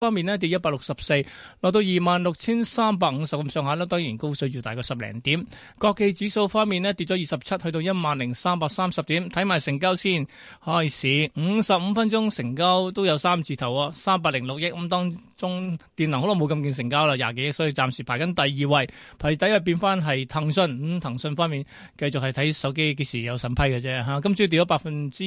方面咧跌一百六十四，落到二萬六千三百五十咁上下啦，當然高水要大過十零點。國際指數方面咧跌咗二十七，去到一萬零三百三十點。睇埋成交先，開市五十五分鐘成交都有三字頭，三百零六億咁當中電，電能可能冇咁勁成交啦，廿幾億，所以暫時排緊第二位。排第一變翻係騰訊，咁騰訊方面繼續係睇手機幾時有審批嘅啫吓，今朝跌咗百分之，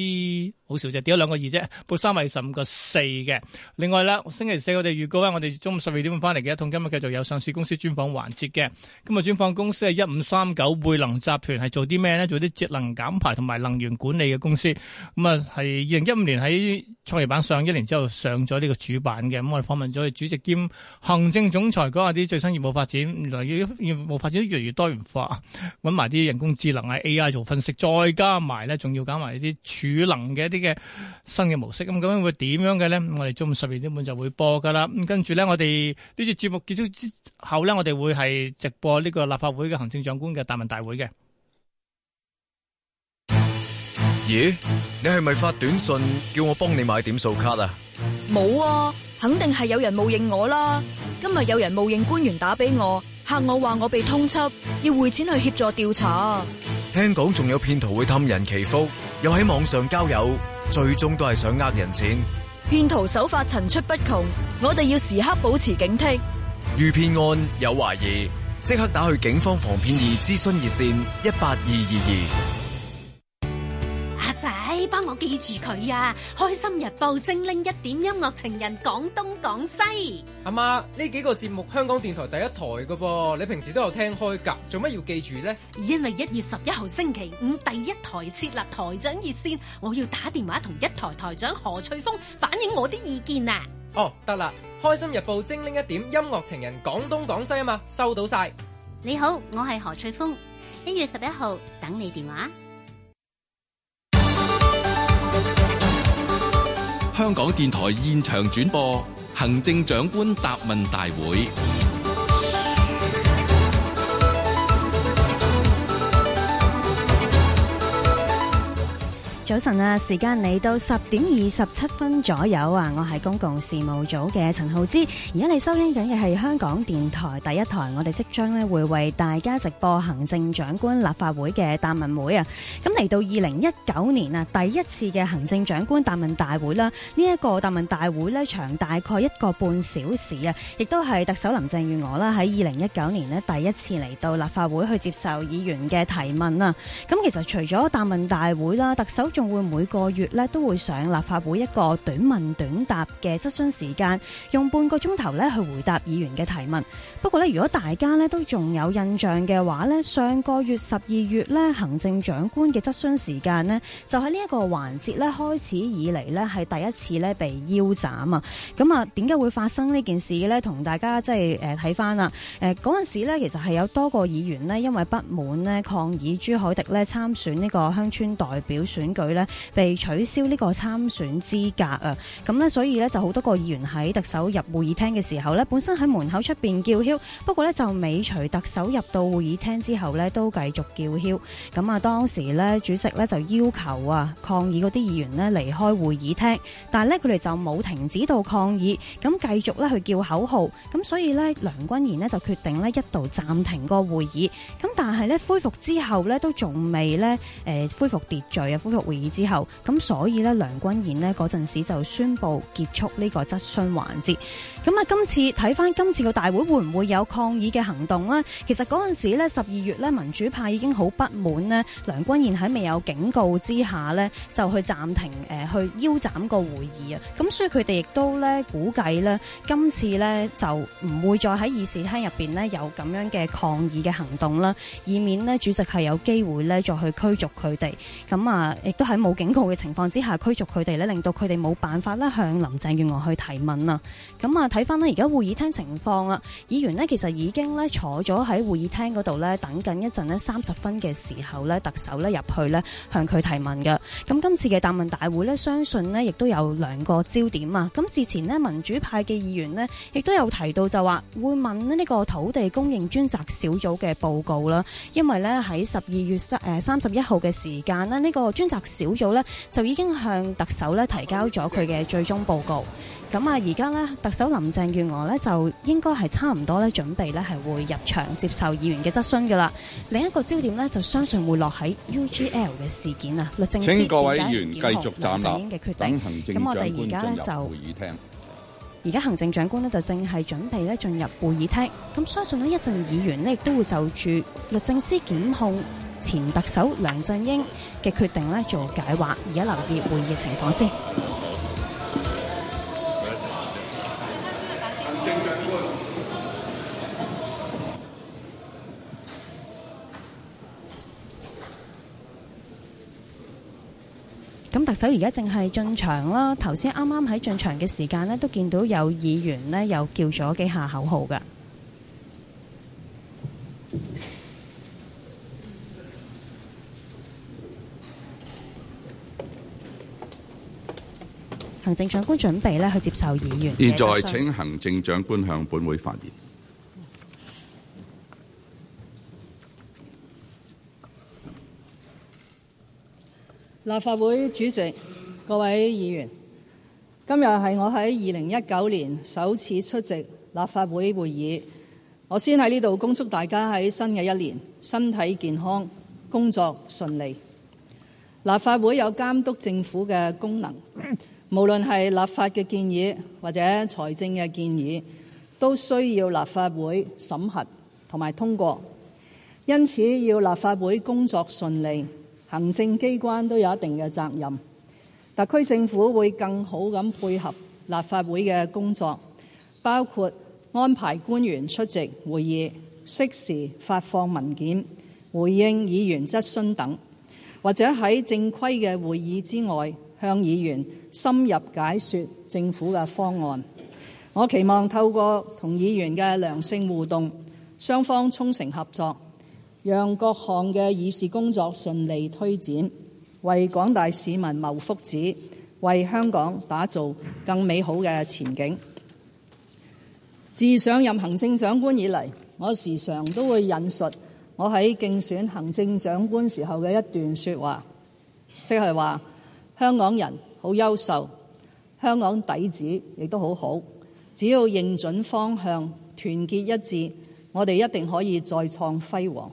好少啫，跌咗兩個二啫，報三百二十五個四嘅。另外啦，星期四我哋預告啦，我哋中午十二點半翻嚟嘅一通，今日繼續有上市公司專訪環節嘅。今日專訪公司係一五三九匯能集團，係做啲咩咧？做啲節能減排同埋能源管理嘅公司。咁啊，係二零一五年喺創業板上一年之後上咗呢個主板嘅。咁我哋訪問咗佢主席兼行政總裁，講下啲最新業務發展。原來業務發展越嚟越多元化，揾埋啲人工智能啊 AI 做分析，再加埋咧，仲要搞埋啲儲能嘅一啲嘅新嘅模式。咁咁樣會點樣嘅咧？我哋中午十二點半就會播。我噶啦，咁跟住咧，我哋呢節節目結束之後咧，我哋會係直播呢個立法會嘅行政長官嘅答問大會嘅。咦？你係咪發短信叫我幫你買點數卡啊？冇啊，肯定係有人冒認我啦。今日有人冒認官員打俾我，吓我話我被通緝，要匯錢去協助調查啊。聽講仲有騙徒會氹人祈福，又喺網上交友，最終都係想呃人錢。騙徒手法層出不窮，我哋要時刻保持警惕片。遇騙案有懷疑，即刻打去警方防騙易諮詢熱線一八二二二。阿仔，幫我記住佢呀、啊！開心日報、精靈一點、音樂情人，講東講西。阿媽，呢幾個節目香港電台第一台嘅噃，你平時都有聽開噶，做乜要記住呢？因為一月十一號星期五第一台設立台長熱線，我要打電話同一台台長何翠峰反映我啲意見啊！哦，得啦，開心日報、精靈一點、音樂情人，講東講西啊嘛，收到晒。你好，我係何翠峰，一月十一號等你電話。香港電台現場轉播行政長官答問大會。早晨啊，時間嚟到十點二十七分左右啊，我係公共事務組嘅陳浩之。而家你收聽緊嘅係香港電台第一台，我哋即將咧會為大家直播行政長官立法會嘅答問會啊。咁嚟到二零一九年啊，第一次嘅行政長官答問大會啦。呢一個答問大會咧，長大概一個半小時啊，亦都係特首林鄭月娥啦喺二零一九年咧第一次嚟到立法會去接受議員嘅提問啊。咁其實除咗答問大會啦，特首仲會每個月咧都會上立法會一個短問短答嘅質詢時間，用半個鐘頭咧去回答議員嘅提問。不過咧，如果大家咧都仲有印象嘅話咧，上個月十二月咧行政長官嘅質詢時間咧就喺呢一個環節咧開始以嚟咧係第一次咧被腰斬啊！咁啊，點解會發生呢件事咧？同大家即係誒睇翻啊誒，陣、呃呃、時咧其實係有多個議員咧因為不滿咧抗議朱凱迪咧參選呢個鄉村代表選舉。佢咧被取消呢個參選資格啊，咁呢，所以呢，就好多個議員喺特首入會議廳嘅時候呢，本身喺門口出邊叫囂，不過呢，就尾隨特首入到會議廳之後呢，都繼續叫囂。咁啊，當時呢，主席呢，就要求啊抗議嗰啲議員呢離開會議廳，但係呢佢哋就冇停止到抗議，咁繼續呢，去叫口號。咁所以呢，梁君彥呢，就決定呢，一度暫停個會議，咁但係呢，恢復之後呢，都仲未呢，誒恢復秩序啊，恢復會議廳會議之後，咁所以咧，梁君彥咧嗰陣時就宣布結束呢個質詢環節。咁啊！今次睇翻今次個大會會唔會有抗議嘅行動咧？其實嗰陣時呢十二月呢民主派已經好不滿呢梁君彥喺未有警告之下呢就去暫停、呃、去腰斬個會議啊！咁所以佢哋亦都呢估計呢今次呢就唔會再喺議事廳入邊呢有咁樣嘅抗議嘅行動啦，以免呢主席係有機會呢再去驅逐佢哋。咁啊，亦都喺冇警告嘅情況之下驅逐佢哋呢令到佢哋冇辦法咧向林鄭月娥去提問啊！咁啊～睇翻咧，而家會議廳情況啦，議員呢其實已經咧坐咗喺會議廳嗰度咧，等緊一陣咧三十分嘅時候咧，特首咧入去咧向佢提問嘅。咁今次嘅答問大會咧，相信呢亦都有兩個焦點啊。咁事前呢，民主派嘅議員呢亦都有提到就話會問咧呢個土地供應專責小組嘅報告啦，因為咧喺十二月三誒三十一號嘅時間呢，呢個專責小組咧就已經向特首咧提交咗佢嘅最終報告。咁啊，而家呢特首林鄭月娥呢，就應該係差唔多呢準備呢，係會入場接受議員嘅質詢噶啦。另一個焦點呢，就相信會落喺 UGL 嘅事件啊，律政司點解檢控梁，梁振英嘅決定？咁我哋而家呢，就，而家行政長官呢，就正係準備呢進入會議廳。咁相信呢一陣議員呢，亦都會就住律政司檢控前特首梁振英嘅決定呢，做解話。而家留意會議嘅情況先。咁特首而家正係進場啦，頭先啱啱喺進場嘅時間咧，都見到有議員咧又叫咗幾下口號㗎。行政長官準備咧去接受議員。現在請行政長官向本會發言。立法會主席，各位議員，今日係我喺二零一九年首次出席立法會會議。我先喺呢度恭祝大家喺新嘅一年身體健康，工作順利。立法會有監督政府嘅功能，無論係立法嘅建議或者財政嘅建議，都需要立法會審核同埋通過。因此，要立法會工作順利。行政機關都有一定嘅責任，特區政府會更好咁配合立法會嘅工作，包括安排官員出席會議、適時發放文件、回應議員質詢等，或者喺正規嘅會議之外，向議員深入解說政府嘅方案。我期望透過同議員嘅良性互動，雙方衷誠合作。讓各項嘅議事工作順利推展，為廣大市民謀福祉，為香港打造更美好嘅前景。自上任行政長官以來，我時常都會引述我喺競選行政長官時候嘅一段說話，即係話香港人好優秀，香港底子亦都好好，只要認準方向，團結一致，我哋一定可以再創輝煌。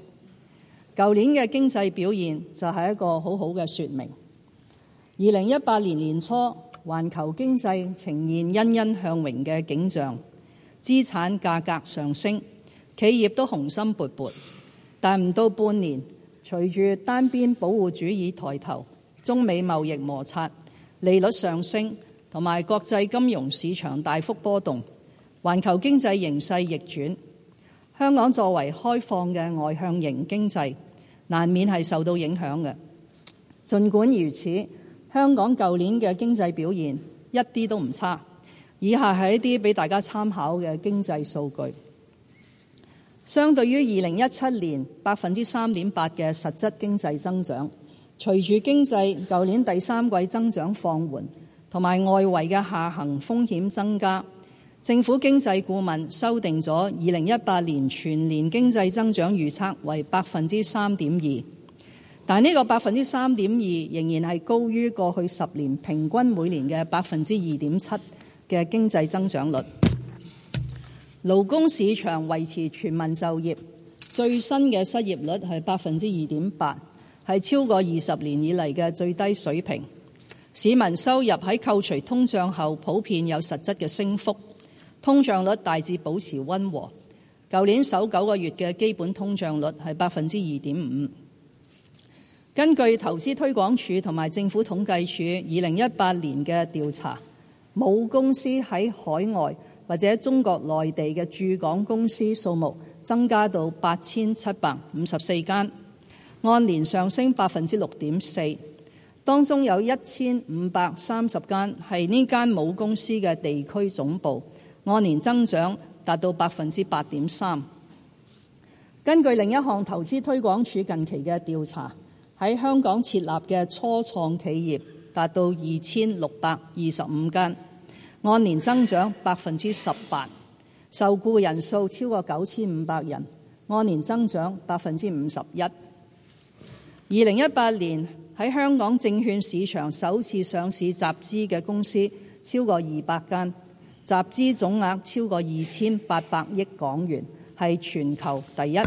舊年嘅經濟表現就係一個好好嘅說明。二零一八年年初，環球經濟呈現欣欣向榮嘅景象，資產價格上升，企業都雄心勃勃。但唔到半年，隨住單邊保護主義抬頭，中美貿易摩擦、利率上升同埋國際金融市場大幅波動，環球經濟形勢逆轉。香港作為開放嘅外向型經濟，難免係受到影響嘅。儘管如此，香港舊年嘅經濟表現一啲都唔差。以下係一啲俾大家參考嘅經濟數據。相對於二零一七年百分之三點八嘅實質經濟增長，隨住經濟舊年第三季增長放緩，同埋外圍嘅下行風險增加。政府經濟顧問修訂咗二零一八年全年經濟增長預測為百分之三點二，但呢個百分之三點二仍然係高於過去十年平均每年嘅百分之二點七嘅經濟增長率。勞工市場維持全民就業，最新嘅失業率係百分之二點八，係超過二十年以嚟嘅最低水平。市民收入喺扣除通脹後普遍有實質嘅升幅。通脹率大致保持溫和，舊年首九個月嘅基本通脹率係百分之二點五。根據投資推廣署同埋政府統計處二零一八年嘅調查，母公司喺海外或者中國內地嘅駐港公司數目增加到八千七百五十四間，按年上升百分之六點四。當中有一千五百三十間係呢間母公司嘅地區總部。按年增長達到百分之八點三。根據另一項投資推廣署近期嘅調查，喺香港設立嘅初創企業達到二千六百二十五間，按年增長百分之十八，受雇人數超過九千五百人，按年增長百分之五十一。二零一八年喺香港證券市場首次上市集資嘅公司超過二百間。集資總額超過二千八百億港元，係全球第一。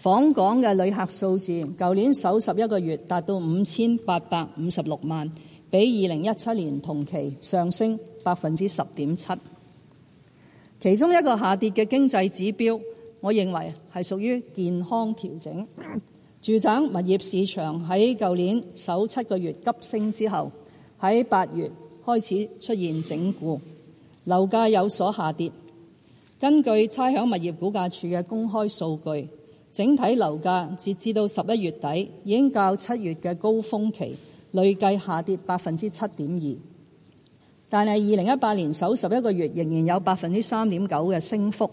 訪港嘅旅客數字，舊年首十一個月達到五千八百五十六萬，比二零一七年同期上升百分之十點七。其中一個下跌嘅經濟指標，我認為係屬於健康調整。住宅物業市場喺舊年首七個月急升之後，喺八月開始出現整固。樓價有所下跌。根據差餉物業估價署嘅公開數據，整體樓價截至到十一月底，已經較七月嘅高峰期累計下跌百分之七點二。但係二零一八年首十一個月仍然有百分之三點九嘅升幅。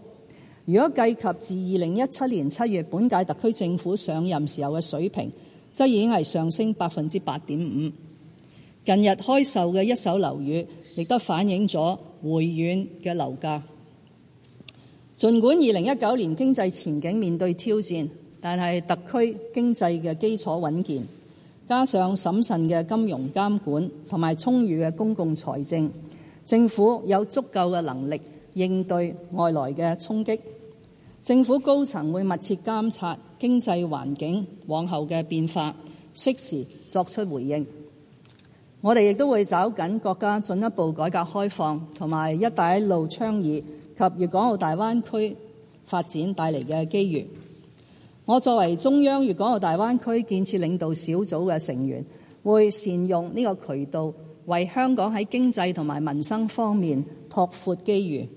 如果計及自二零一七年七月，本屆特區政府上任時候嘅水平，則已經係上升百分之八點五。近日開售嘅一手樓宇，亦都反映咗回軟嘅樓價。儘管二零一九年經濟前景面對挑戰，但係特區經濟嘅基礎穩健，加上審慎嘅金融監管同埋充裕嘅公共財政，政府有足夠嘅能力應對外來嘅衝擊。政府高層會密切監察經濟環境往後嘅變化，適時作出回應。我哋亦都會找緊國家進一步改革開放同埋「一帶一路」倡議及粵港澳大灣區發展帶嚟嘅機遇。我作為中央粵港澳大灣區建設領導小組嘅成員，會善用呢個渠道，為香港喺經濟同埋民生方面拓闊機遇。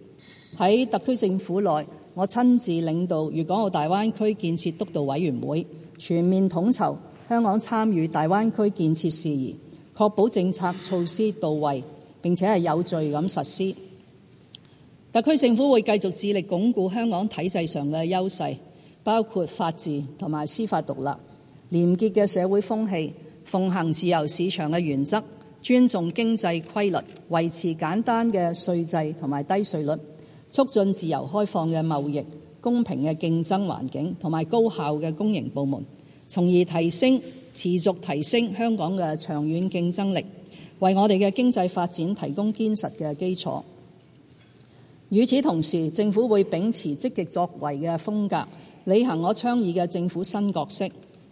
喺特區政府內，我親自領導粵港澳大灣區建設督導委員會，全面統籌香港參與大灣區建設事宜。確保政策措施到位，並且係有序咁實施。特區政府會繼續致力鞏固香港體制上嘅優勢，包括法治同埋司法獨立、廉潔嘅社會風氣、奉行自由市場嘅原則、尊重經濟規律、維持簡單嘅稅制同埋低稅率，促進自由開放嘅貿易、公平嘅競爭環境同埋高效嘅公營部門，從而提升。持續提升香港嘅長遠競爭力，為我哋嘅經濟發展提供堅實嘅基礎。與此同時，政府會秉持積極作為嘅風格，履行我倡議嘅政府新角色，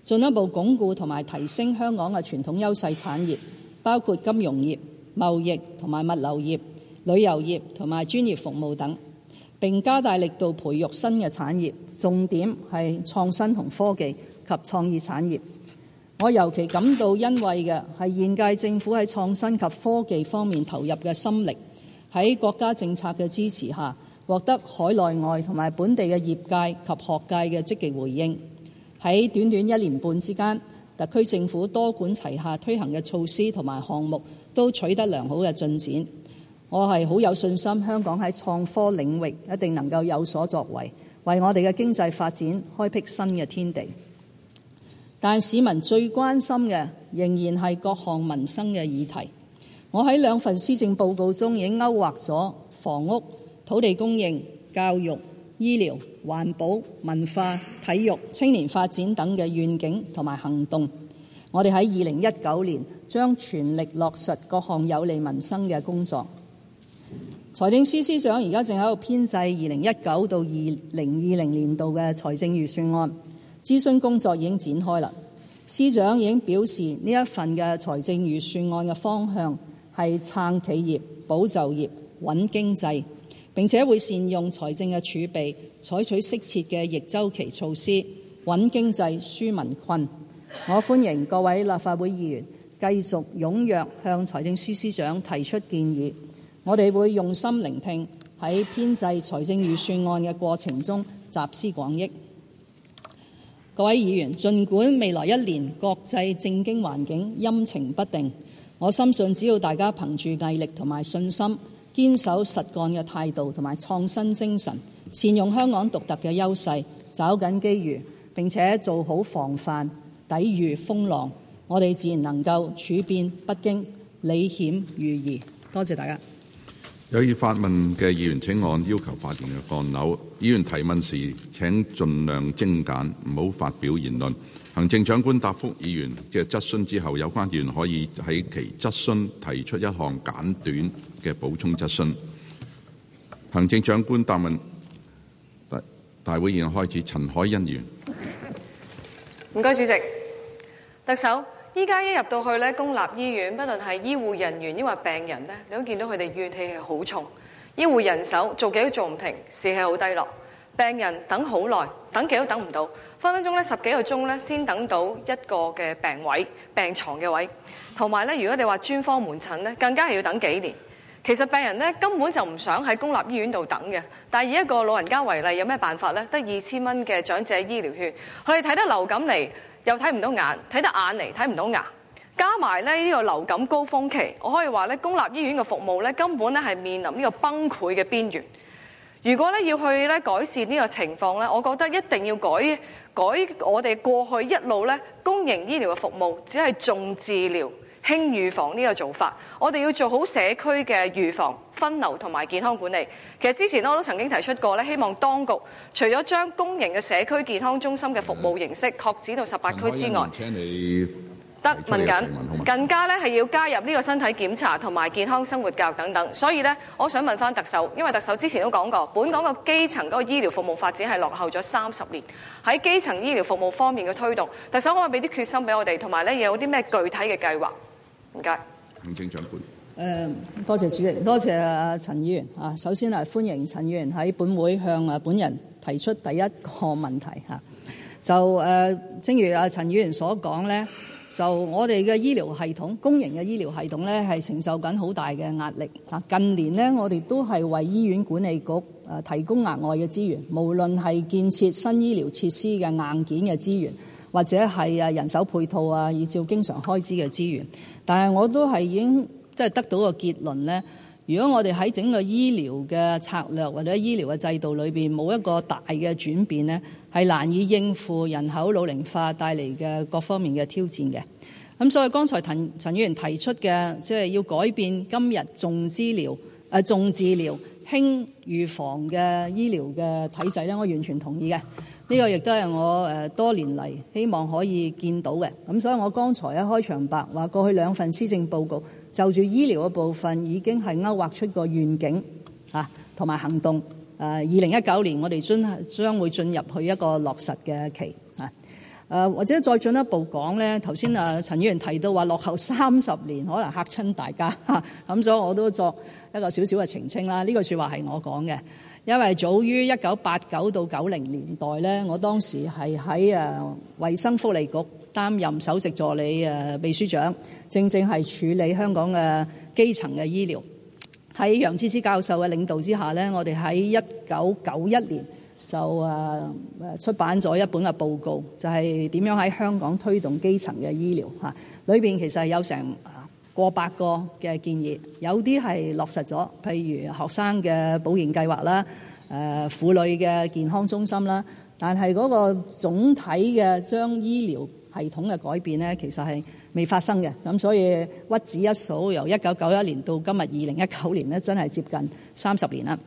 進一步鞏固同埋提升香港嘅傳統優勢產業，包括金融業、貿易同埋物流業、旅遊業同埋專業服務等，並加大力度培育新嘅產業，重點係創新同科技及創意產業。我尤其感到欣慰嘅係現屆政府喺創新及科技方面投入嘅心力，喺國家政策嘅支持下，獲得海內外同埋本地嘅業界及學界嘅積極回應。喺短短一年半之間，特區政府多管齊下推行嘅措施同埋項目都取得良好嘅進展。我係好有信心，香港喺創科領域一定能夠有所作為，為我哋嘅經濟發展開闢新嘅天地。但市民最關心嘅仍然係各項民生嘅議題。我喺兩份施政報告中已經勾畫咗房屋、土地供應、教育、醫療、環保、文化、體育、青年發展等嘅願景同埋行動。我哋喺二零一九年將全力落實各項有利民生嘅工作。財政司司長而家正喺度編制二零一九到二零二零年度嘅財政預算案。諮詢工作已經展開了，司長已經表示呢一份嘅財政預算案嘅方向係撐企業、保就業、穩經濟，並且會善用財政嘅儲備，採取適切嘅逆周期措施，穩經濟、舒民困。我歡迎各位立法會議員繼續踴躍向財政司司長提出建議，我哋會用心聆聽，喺編制財政預算案嘅過程中集思廣益。各位議員，儘管未來一年國際政經環境陰晴不定，我深信只要大家憑住毅力同埋信心，堅守實幹嘅態度同埋創新精神，善用香港獨特嘅優勢，找緊機遇，並且做好防範，抵禦風浪，我哋自然能夠處變不驚，理險如夷，多謝大家。有意發問嘅議員請按要求發言嘅按鈕。議員提問時請盡量精簡，唔好發表言論。行政長官答覆議員嘅質詢之後，有關議員可以喺其質詢提出一項簡短嘅補充質詢。行政長官答問大，大會現開始。陳凱欣議員，唔該主席，特首。依家一入到去咧，公立醫院，不論係醫護人員抑或病人咧，你都見到佢哋怨氣係好重。醫護人手做幾都做唔停，士氣好低落。病人等好耐，等幾都等唔到，分分鐘咧十幾個鐘咧先等到一個嘅病位、病牀嘅位。同埋咧，如果你話專科門診咧，更加係要等幾年。其實病人咧根本就唔想喺公立醫院度等嘅。但以一個老人家為例，有咩辦法咧？得二千蚊嘅長者醫療券，佢哋睇得流感嚟。又輕預防呢個做法，我哋要做好社區嘅預防分流同埋健康管理。其實之前我都曾經提出過咧，希望當局除咗將公營嘅社區健康中心嘅服務形式擴展到十八區之外請你你，得問緊，更加咧係要加入呢個身體檢查同埋健康生活教育等等。所以咧，我想問返特首，因為特首之前都講過，本港個基層嗰個醫療服務發展係落後咗三十年，喺基層醫療服務方面嘅推動，特首可唔可以俾啲決心俾我哋，同埋咧有啲咩具體嘅計劃？唔該，行政長官誒，多謝主席，多謝阿陳議員啊。首先啊，歡迎陳議員喺本會向啊本人提出第一個問題吓。就誒，正如阿陳議員所講咧，就我哋嘅醫療系統公營嘅醫療系統咧，係承受緊好大嘅壓力啊。近年呢，我哋都係為醫院管理局誒提供額外嘅資源，無論係建設新醫療設施嘅硬件嘅資源，或者係啊人手配套啊，以照經常開支嘅資源。但係我都係已經即係得到個結論咧，如果我哋喺整個醫療嘅策略或者醫療嘅制度裏面冇一個大嘅轉變咧，係難以應付人口老齡化帶嚟嘅各方面嘅挑戰嘅。咁所以剛才陳陳議員提出嘅，即係要改變今日重治療、啊、重治療、輕預防嘅醫療嘅體制咧，我完全同意嘅。呢個亦都係我誒多年嚟希望可以見到嘅，咁所以我剛才一開場白話過去兩份施政報告就住醫療嗰部分已經係勾畫出個願景嚇，同埋行動誒。二零一九年我哋將將會進入去一個落實嘅期嚇，誒或者再進一步講呢。頭先啊陳議員提到話落後三十年可能嚇親大家嚇，咁所以我都作一個少少嘅澄清啦。呢個説話係我講嘅。因為早於一九八九到九零年代咧，我當時係喺誒衞生福利局擔任首席助理誒秘書長，正正係處理香港嘅基層嘅醫療。喺楊紫芝教授嘅領導之下咧，我哋喺一九九一年就誒誒出版咗一本嘅報告，就係點樣喺香港推動基層嘅醫療嚇。裏邊其實係有成過百個嘅建議，有啲係落實咗，譬如學生嘅保健計劃啦，誒婦女嘅健康中心啦，但係嗰個總體嘅將醫療系統嘅改變呢，其實係未發生嘅。咁所以屈指一數，由一九九一年到今日，二零一九年呢，真係接近三十年啦。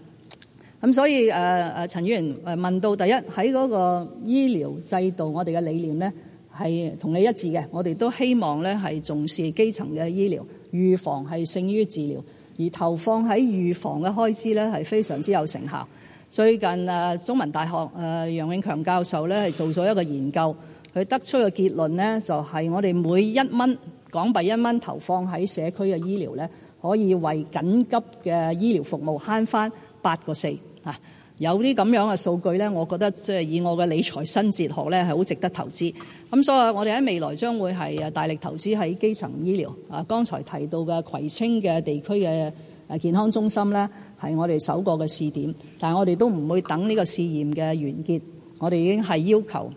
咁所以誒、呃、陳議員問到第一，喺嗰個醫療制度，我哋嘅理念呢。係同你一致嘅，我哋都希望咧係重視基層嘅醫療，預防係勝於治療，而投放喺預防嘅開支咧係非常之有成效。最近啊，中文大學誒楊永強教授咧係做咗一個研究，佢得出嘅結論呢就係我哋每一蚊港幣一蚊投放喺社區嘅醫療咧，可以為緊急嘅醫療服務慳翻八個四啊！有啲咁樣嘅數據呢，我覺得即係以我嘅理財新哲學呢，係好值得投資。咁所以，我哋喺未來將會係大力投資喺基層醫療。啊，剛才提到嘅葵青嘅地區嘅健康中心呢，係我哋首個嘅試點。但係我哋都唔會等呢個試驗嘅完結，我哋已經係要求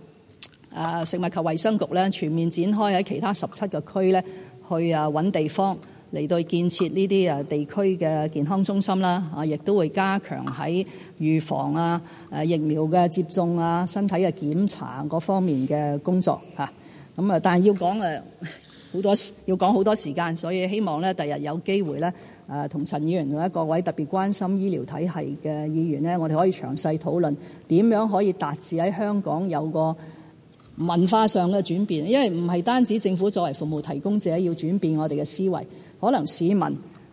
誒食物及衛生局呢，全面展開喺其他十七個區呢，去誒揾地方。嚟到建設呢啲誒地區嘅健康中心啦，啊，亦都會加強喺預防啊、誒疫苗嘅接種啊、身體嘅檢查各方面嘅工作吓。咁啊，但係要講誒好多，要講好多時間，所以希望呢，第日有機會呢，誒，同陳議員同埋各位特別關心醫療體系嘅議員呢，我哋可以詳細討論點樣可以達至喺香港有個文化上嘅轉變，因為唔係單止政府作為服務提供者要轉變我哋嘅思維。可能市民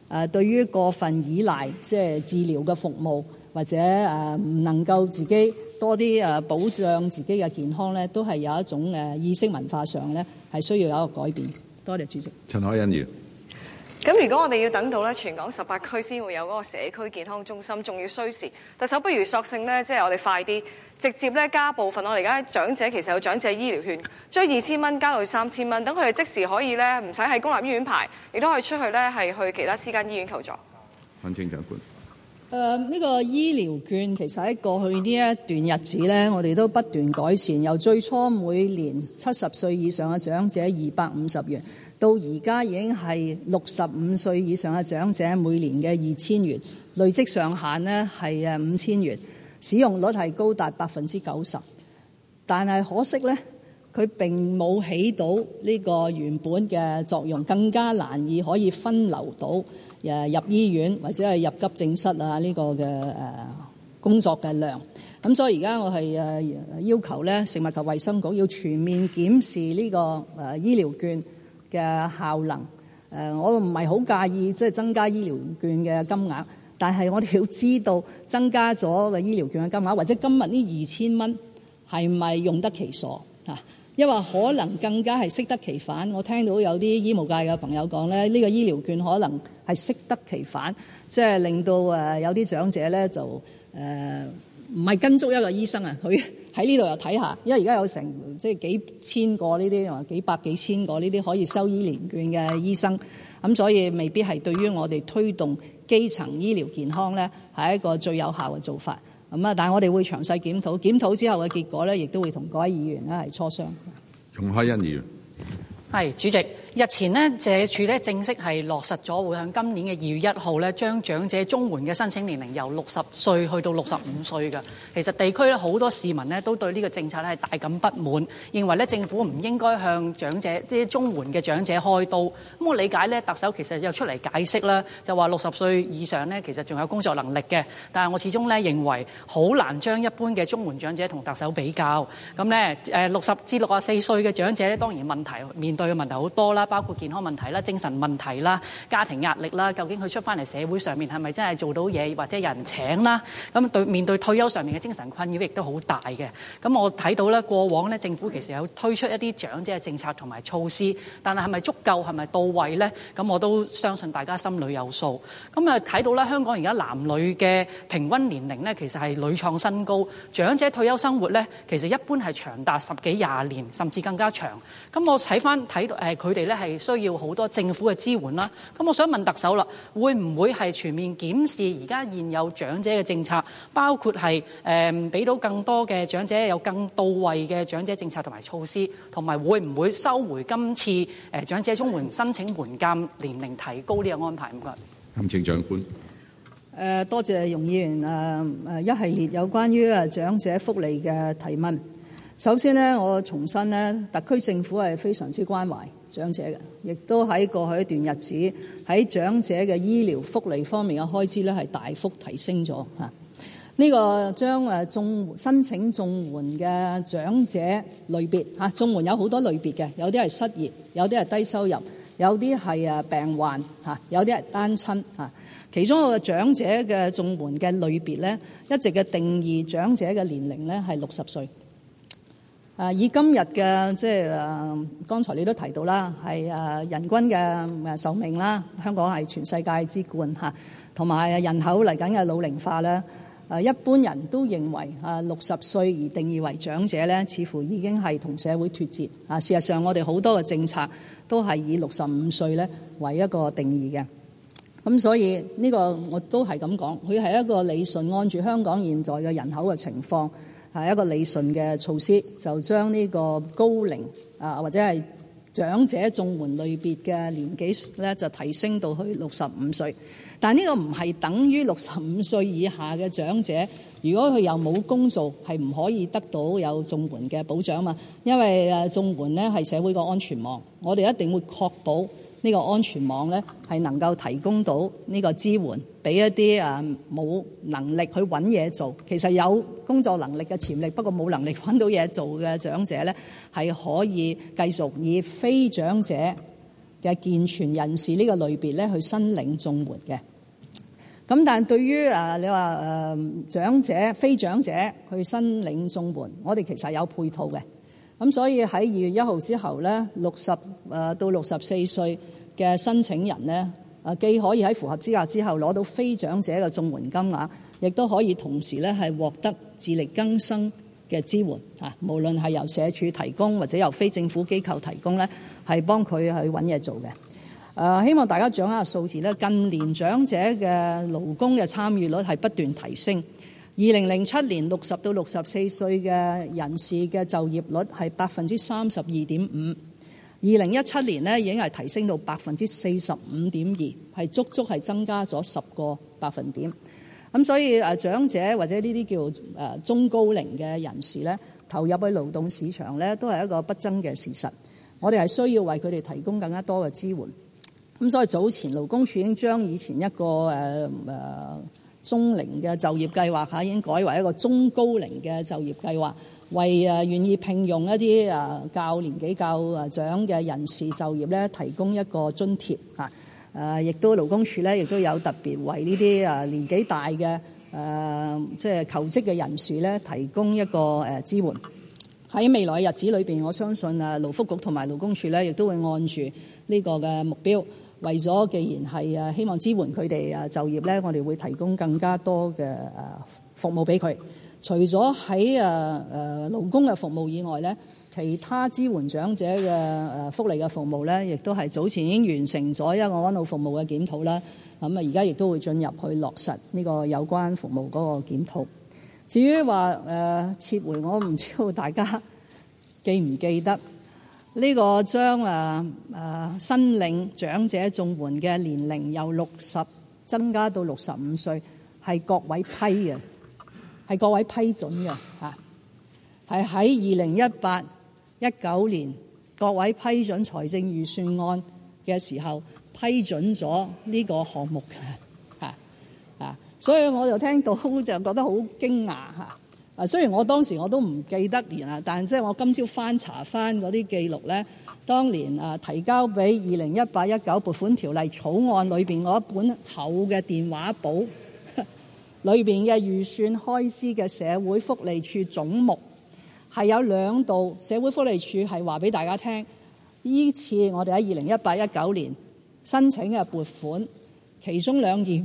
誒對於過分依賴即係治療嘅服務，或者誒唔能夠自己多啲誒保障自己嘅健康咧，都係有一種誒意識文化上咧，係需要有一個改變。多謝主席。陳凱欣議員。咁如果我哋要等到咧全港十八區先會有嗰個社區健康中心，仲要需時。特首不如索性咧，即係我哋快啲。直接咧加部分，我哋而家長者其實有長者醫療券，將二千蚊加到去三千蚊，等佢哋即時可以咧唔使喺公立醫院排，亦都可以出去咧係去其他私家醫院求助。行政長官。誒、呃，呢個醫療券其實喺過去呢一段日子咧，我哋都不斷改善，由最初每年七十歲以上嘅長者二百五十元，到而家已經係六十五歲以上嘅長者每年嘅二千元，累積上限呢係誒五千元。使用率係高達百分之九十，但係可惜咧，佢並冇起到呢個原本嘅作用，更加難以可以分流到入醫院或者係入急症室啊，呢個嘅工作嘅量。咁所以而家我係誒要求咧，食物及衛生局要全面檢視呢個誒醫療券嘅效能。誒，我唔係好介意即係增加醫療券嘅金額。但係我哋要知道增加咗嘅醫療券嘅金額，或者今日呢二千蚊係咪用得其所啊？因為可能更加係適得其反。我聽到有啲醫務界嘅朋友講咧，呢個醫療券可能係適得其反，即係令到誒有啲長者咧就誒唔係跟足一個醫生啊，佢喺呢度又睇下，因為而家有成即係幾千個呢啲，或幾百幾千個呢啲可以收醫療券嘅醫生，咁所以未必係對於我哋推動。基層醫療健康呢係一個最有效嘅做法，但我哋會詳細檢討，檢討之後嘅結果呢亦都會同各位議員咧係磋商。容開恩議員，係主席。日前呢，社署呢正式係落實咗，會響今年嘅二月一號呢，將長者綜援嘅申請年齡由六十歲去到六十五歲嘅。其實地區咧好多市民咧都對呢個政策咧係大感不滿，認為咧政府唔應該向長者即係綜援嘅長者開刀。咁我理解咧，特首其實又出嚟解釋啦，就話六十歲以上咧其實仲有工作能力嘅。但係我始終咧認為好難將一般嘅綜援長者同特首比較。咁咧，誒六十至六十四歲嘅長者咧，當然問題面對嘅問題好多啦。包括健康問題啦、精神問題啦、家庭壓力啦，究竟佢出翻嚟社會上面係咪真係做到嘢，或者有人請啦？咁對面對退休上面嘅精神困擾，亦都好大嘅。咁我睇到咧，過往咧政府其實有推出一啲長者嘅政策同埋措施，但係係咪足夠，係咪到位咧？咁我都相信大家心裏有數。咁啊睇到咧，香港而家男女嘅平均年齡咧，其實係屢創新高。長者退休生活咧，其實一般係長達十幾廿年，甚至更加長。咁我睇翻睇到誒佢哋咧。係需要好多政府嘅支援啦。咁，我想問特首啦，會唔會係全面檢視而家現有長者嘅政策，包括係誒俾到更多嘅長者有更到位嘅長者政策同埋措施，同埋會唔會收回今次誒長者綜援申請門檻年齡提高呢個安排？唔該，行政長官誒，多謝容議員誒誒一系列有關於誒長者福利嘅提問。首先呢，我重申呢特區政府係非常之關懷。長者嘅，亦都喺過去一段日子喺長者嘅醫療福利方面嘅開支咧，係大幅提升咗嚇。呢、這個將誒仲申請綜援嘅長者類別嚇，綜援有好多類別嘅，有啲係失業，有啲係低收入，有啲係誒病患嚇，有啲係單親嚇。其中個長者嘅綜援嘅類別咧，一直嘅定義長者嘅年齡咧係六十歲。啊！以今日嘅即係誒，剛才你都提到啦，係誒人均嘅誒壽命啦，香港係全世界之冠嚇，同埋人口嚟緊嘅老齡化咧。誒一般人都認為啊，六十歲而定義為長者咧，似乎已經係同社會脱節。啊，事實上我哋好多嘅政策都係以六十五歲咧為一個定義嘅。咁所以呢個我都係咁講，佢係一個理順，按住香港現在嘅人口嘅情況。係一個理順嘅措施，就將呢個高齡啊，或者係長者綜援類別嘅年紀咧，就提升到去六十五歲。但係呢個唔係等於六十五歲以下嘅長者，如果佢又冇工做，係唔可以得到有綜援嘅保障啊嘛。因為誒綜援咧係社會嘅安全網，我哋一定會確保。呢個安全網呢，係能夠提供到呢個支援，俾一啲誒冇能力去揾嘢做，其實有工作能力嘅潛力，不過冇能力揾到嘢做嘅長者呢，係可以繼續以非長者嘅健全人士呢個類別呢去申領綜援嘅。咁但係對於誒你話誒長者、非長者去申領綜援，我哋其實有配套嘅。咁所以喺二月一號之後呢，六十誒到六十四歲嘅申請人呢，啊，既可以喺符合資格之後攞到非長者嘅綜援金額，亦都可以同時呢係獲得自力更生嘅支援嚇。無論係由社署提供或者由非政府機構提供呢，係幫佢去揾嘢做嘅。啊，希望大家掌握一下數字咧，近年長者嘅勞工嘅參與率係不斷提升。二零零七年六十到六十四歲嘅人士嘅就業率係百分之三十二點五。二零一七年咧已經係提升到百分之四十五點二，係足足係增加咗十個百分點。咁所以誒長者或者呢啲叫誒中高齡嘅人士咧，投入去勞動市場呢都係一個不爭嘅事實。我哋係需要為佢哋提供更加多嘅支援。咁所以早前勞工處已經將以前一個誒誒中齡嘅就業計劃嚇，已經改為一個中高齡嘅就業計劃。為誒願意聘用一啲誒較年紀較誒長嘅人士就業咧，提供一個津貼嚇。誒亦都勞工處咧，亦都有特別為呢啲誒年紀大嘅誒即係求職嘅人士咧，提供一個誒支援。喺未來日子裏邊，我相信誒勞福局同埋勞工處咧，亦都會按住呢個嘅目標，為咗既然係誒希望支援佢哋誒就業咧，我哋會提供更加多嘅誒服務俾佢。除咗喺誒誒勞工嘅服務以外咧，其他支援長者嘅誒福利嘅服務咧，亦都係早前已經完成咗一個安老服務嘅檢討啦。咁啊，而家亦都會進入去落實呢個有關服務嗰個檢討。至於話誒撤回，我唔知道大家記唔記得呢個將誒誒申領長者綜援嘅年齡由六十增加到六十五歲係各位批嘅。係各位批准嘅嚇，係喺二零一八一九年各位批准財政預算案嘅時候批准咗呢個項目嘅嚇啊，所以我就聽到就覺得好驚訝嚇。啊，雖然我當時我都唔記得完啦，但即係我今朝翻查翻嗰啲記錄咧，當年啊提交俾二零一八一九撥款條例草案裏邊嗰一本厚嘅電話簿。裏面嘅預算開支嘅社會福利署總目係有兩度社會福利署係話俾大家聽，依次我哋喺二零一八一九年申請嘅撥款，其中兩件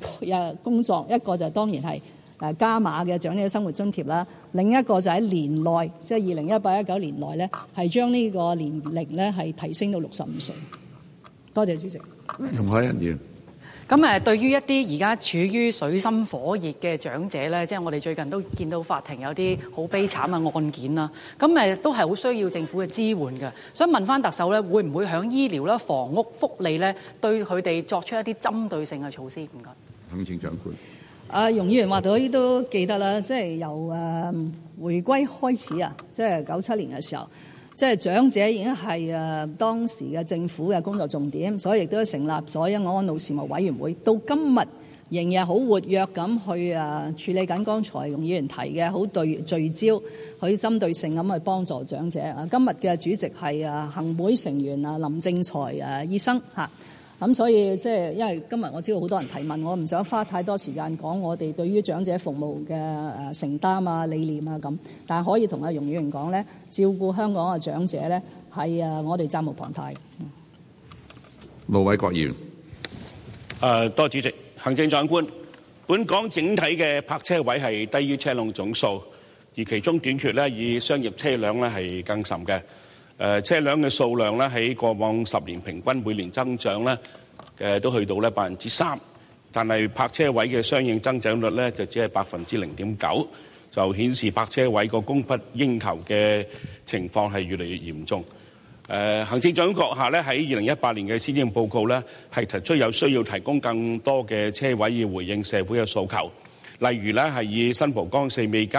工作，一個就當然係誒加碼嘅長者生活津貼啦，另一個就喺年內，即係二零一八一九年內咧，係將呢個年齡咧係提升到六十五歲。多謝主席。容海恩議員咁誒，對於一啲而家處於水深火熱嘅長者咧，即係我哋最近都見到法庭有啲好悲慘嘅案件啦。咁誒，都係好需要政府嘅支援嘅。想問翻特首咧，會唔會響醫療咧、房屋福利咧，對佢哋作出一啲針對性嘅措施？唔該。行政長官，啊，容議員話到都記得啦，即係由誒回歸開始啊，即係九七年嘅時候。即係長者已經係誒當時嘅政府嘅工作重點，所以亦都成立咗一個安老事務委員會。到今日仍然好活躍咁去誒處理緊，剛才用議員提嘅好對聚焦，可以針對性咁去幫助長者。今日嘅主席係誒行會成員啊林正財誒醫生嚇。咁所以即係因為今日我知道好多人提問，我唔想花太多時間講我哋對於長者服務嘅誒承擔啊理念啊，咁，但係可以同阿容議員講咧，照顧香港嘅長者咧係啊我哋責無旁貸。盧偉國議員，誒多謝主席，行政長官，本港整體嘅泊車位係低於車輛總數，而其中短缺咧以商業車輛咧係更甚嘅。誒車輛嘅數量咧，喺過往十年平均每年增長咧，誒都去到咧百分之三，但係泊車位嘅相應增長率咧，就只係百分之零點九，就顯示泊車位個供不應求嘅情況係越嚟越嚴重。誒行政長官閣下咧喺二零一八年嘅施政報告咧，係提出有需要提供更多嘅車位，要回應社會嘅訴求，例如咧係以新蒲崗四美街。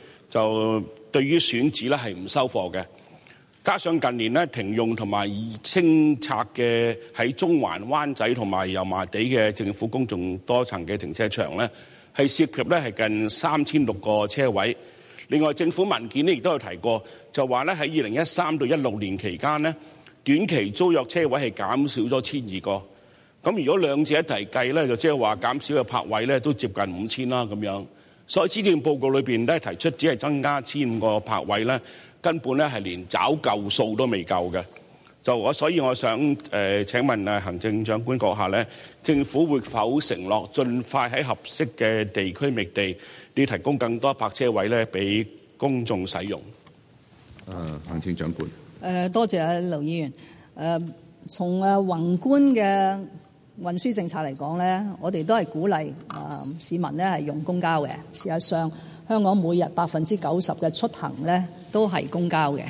就對於選址咧係唔收貨嘅，加上近年咧停用同埋清拆嘅喺中環灣仔同埋油麻地嘅政府公眾多層嘅停車場咧，係涉及咧係近三千六個車位。另外政府文件咧亦都有提過，就話咧喺二零一三到一六年期間咧，短期租約車位係減少咗千二個。咁如果兩者一提計咧，就即係話減少嘅泊位咧都接近五千啦咁樣。所以呢段報告裏邊咧提出只係增加千五個泊位咧，根本咧係連找舊數都未夠嘅。就我，所以我想誒請問啊行政長官閣下咧，政府會否承諾盡快喺合適嘅地區覓地，要提供更多泊車位咧俾公眾使用？誒，行政長官。誒，多謝啊，劉議員。誒，從誒宏觀嘅。運輸政策嚟講呢，我哋都係鼓勵市民呢係用公交嘅。事實上，香港每日百分之九十嘅出行呢都係公交嘅，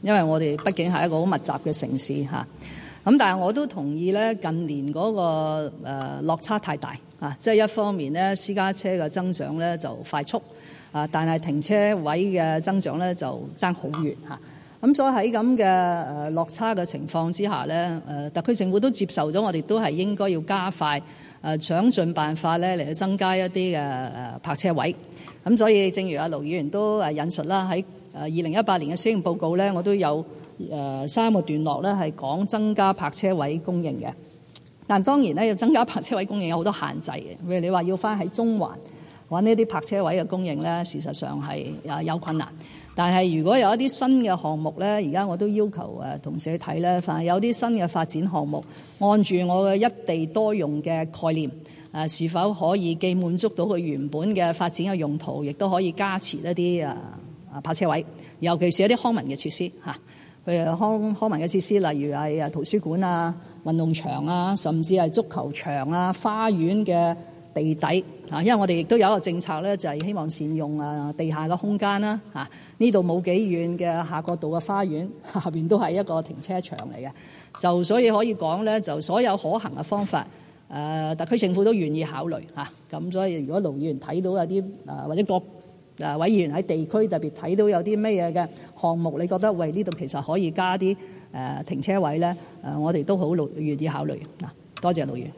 因為我哋畢竟係一個好密集嘅城市，咁但係我都同意呢近年嗰個落差太大啊，即係一方面呢，私家車嘅增長呢就快速啊，但係停車位嘅增長呢就爭好遠咁所以喺咁嘅落差嘅情況之下咧，特區政府都接受咗，我哋都係應該要加快誒，想盡辦法咧嚟，去增加一啲嘅誒泊車位。咁所以，正如阿盧議員都誒引述啦，喺誒二零一八年嘅施政報告咧，我都有誒三個段落咧係講增加泊車位供應嘅。但當然咧，要增加泊車位供應有好多限制嘅，譬如你話要翻喺中環揾呢啲泊車位嘅供應咧，事實上係有困難。但係，如果有一啲新嘅項目咧，而家我都要求同事去睇咧，凡係有啲新嘅發展項目，按住我嘅一地多用嘅概念，是否可以既滿足到佢原本嘅發展嘅用途，亦都可以加持一啲誒誒泊車位，尤其是一啲康文嘅設施嚇，譬、啊、如康康文嘅設施，例如係啊圖書館啊、運動場啊，甚至係足球場啊、花園嘅地底。啊，因為我哋亦都有一個政策咧，就係希望善用啊地下嘅空間啦。嚇，呢度冇幾遠嘅下角道嘅花園下邊都係一個停車場嚟嘅，就所以可以講咧，就所有可行嘅方法，誒特區政府都願意考慮嚇。咁所以如果盧議員睇到有啲誒或者各誒委員喺地區特別睇到有啲咩嘢嘅項目，你覺得喂呢度其實可以加啲誒停車位咧？誒，我哋都好樂願意考慮。嗱，多謝盧議員。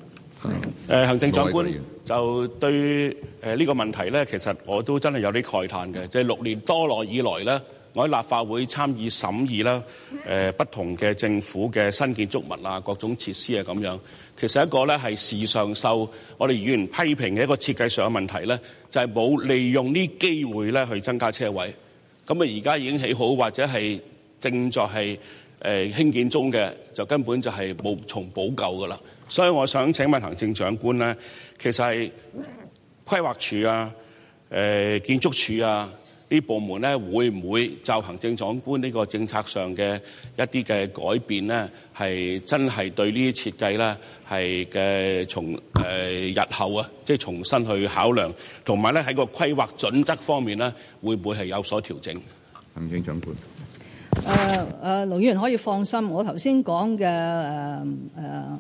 誒，行政長官，就對誒呢個問題咧，其實我都真係有啲慨嘆嘅。即係六年多來以來咧，我喺立法會參與審議啦，誒不同嘅政府嘅新建築物啊，各種設施啊咁樣，其實一個咧係時常受我哋議員批評嘅一個設計上嘅問題咧，就係冇利用呢機會咧去增加車位。咁啊，而家已經起好或者係正在係誒興建中嘅，就根本就係無從補救噶啦。所以我想請問行政長官咧，其實係規劃署啊、誒、呃、建築署啊呢部門咧、啊，會唔會就行政長官呢個政策上嘅一啲嘅改變咧，係真係對呢啲設計咧係嘅從誒、呃、日後啊，即係重新去考量，同埋咧喺個規劃準則方面咧，會唔會係有所調整？行政長官，誒誒，聶議員可以放心，我頭先講嘅誒誒。Uh, uh,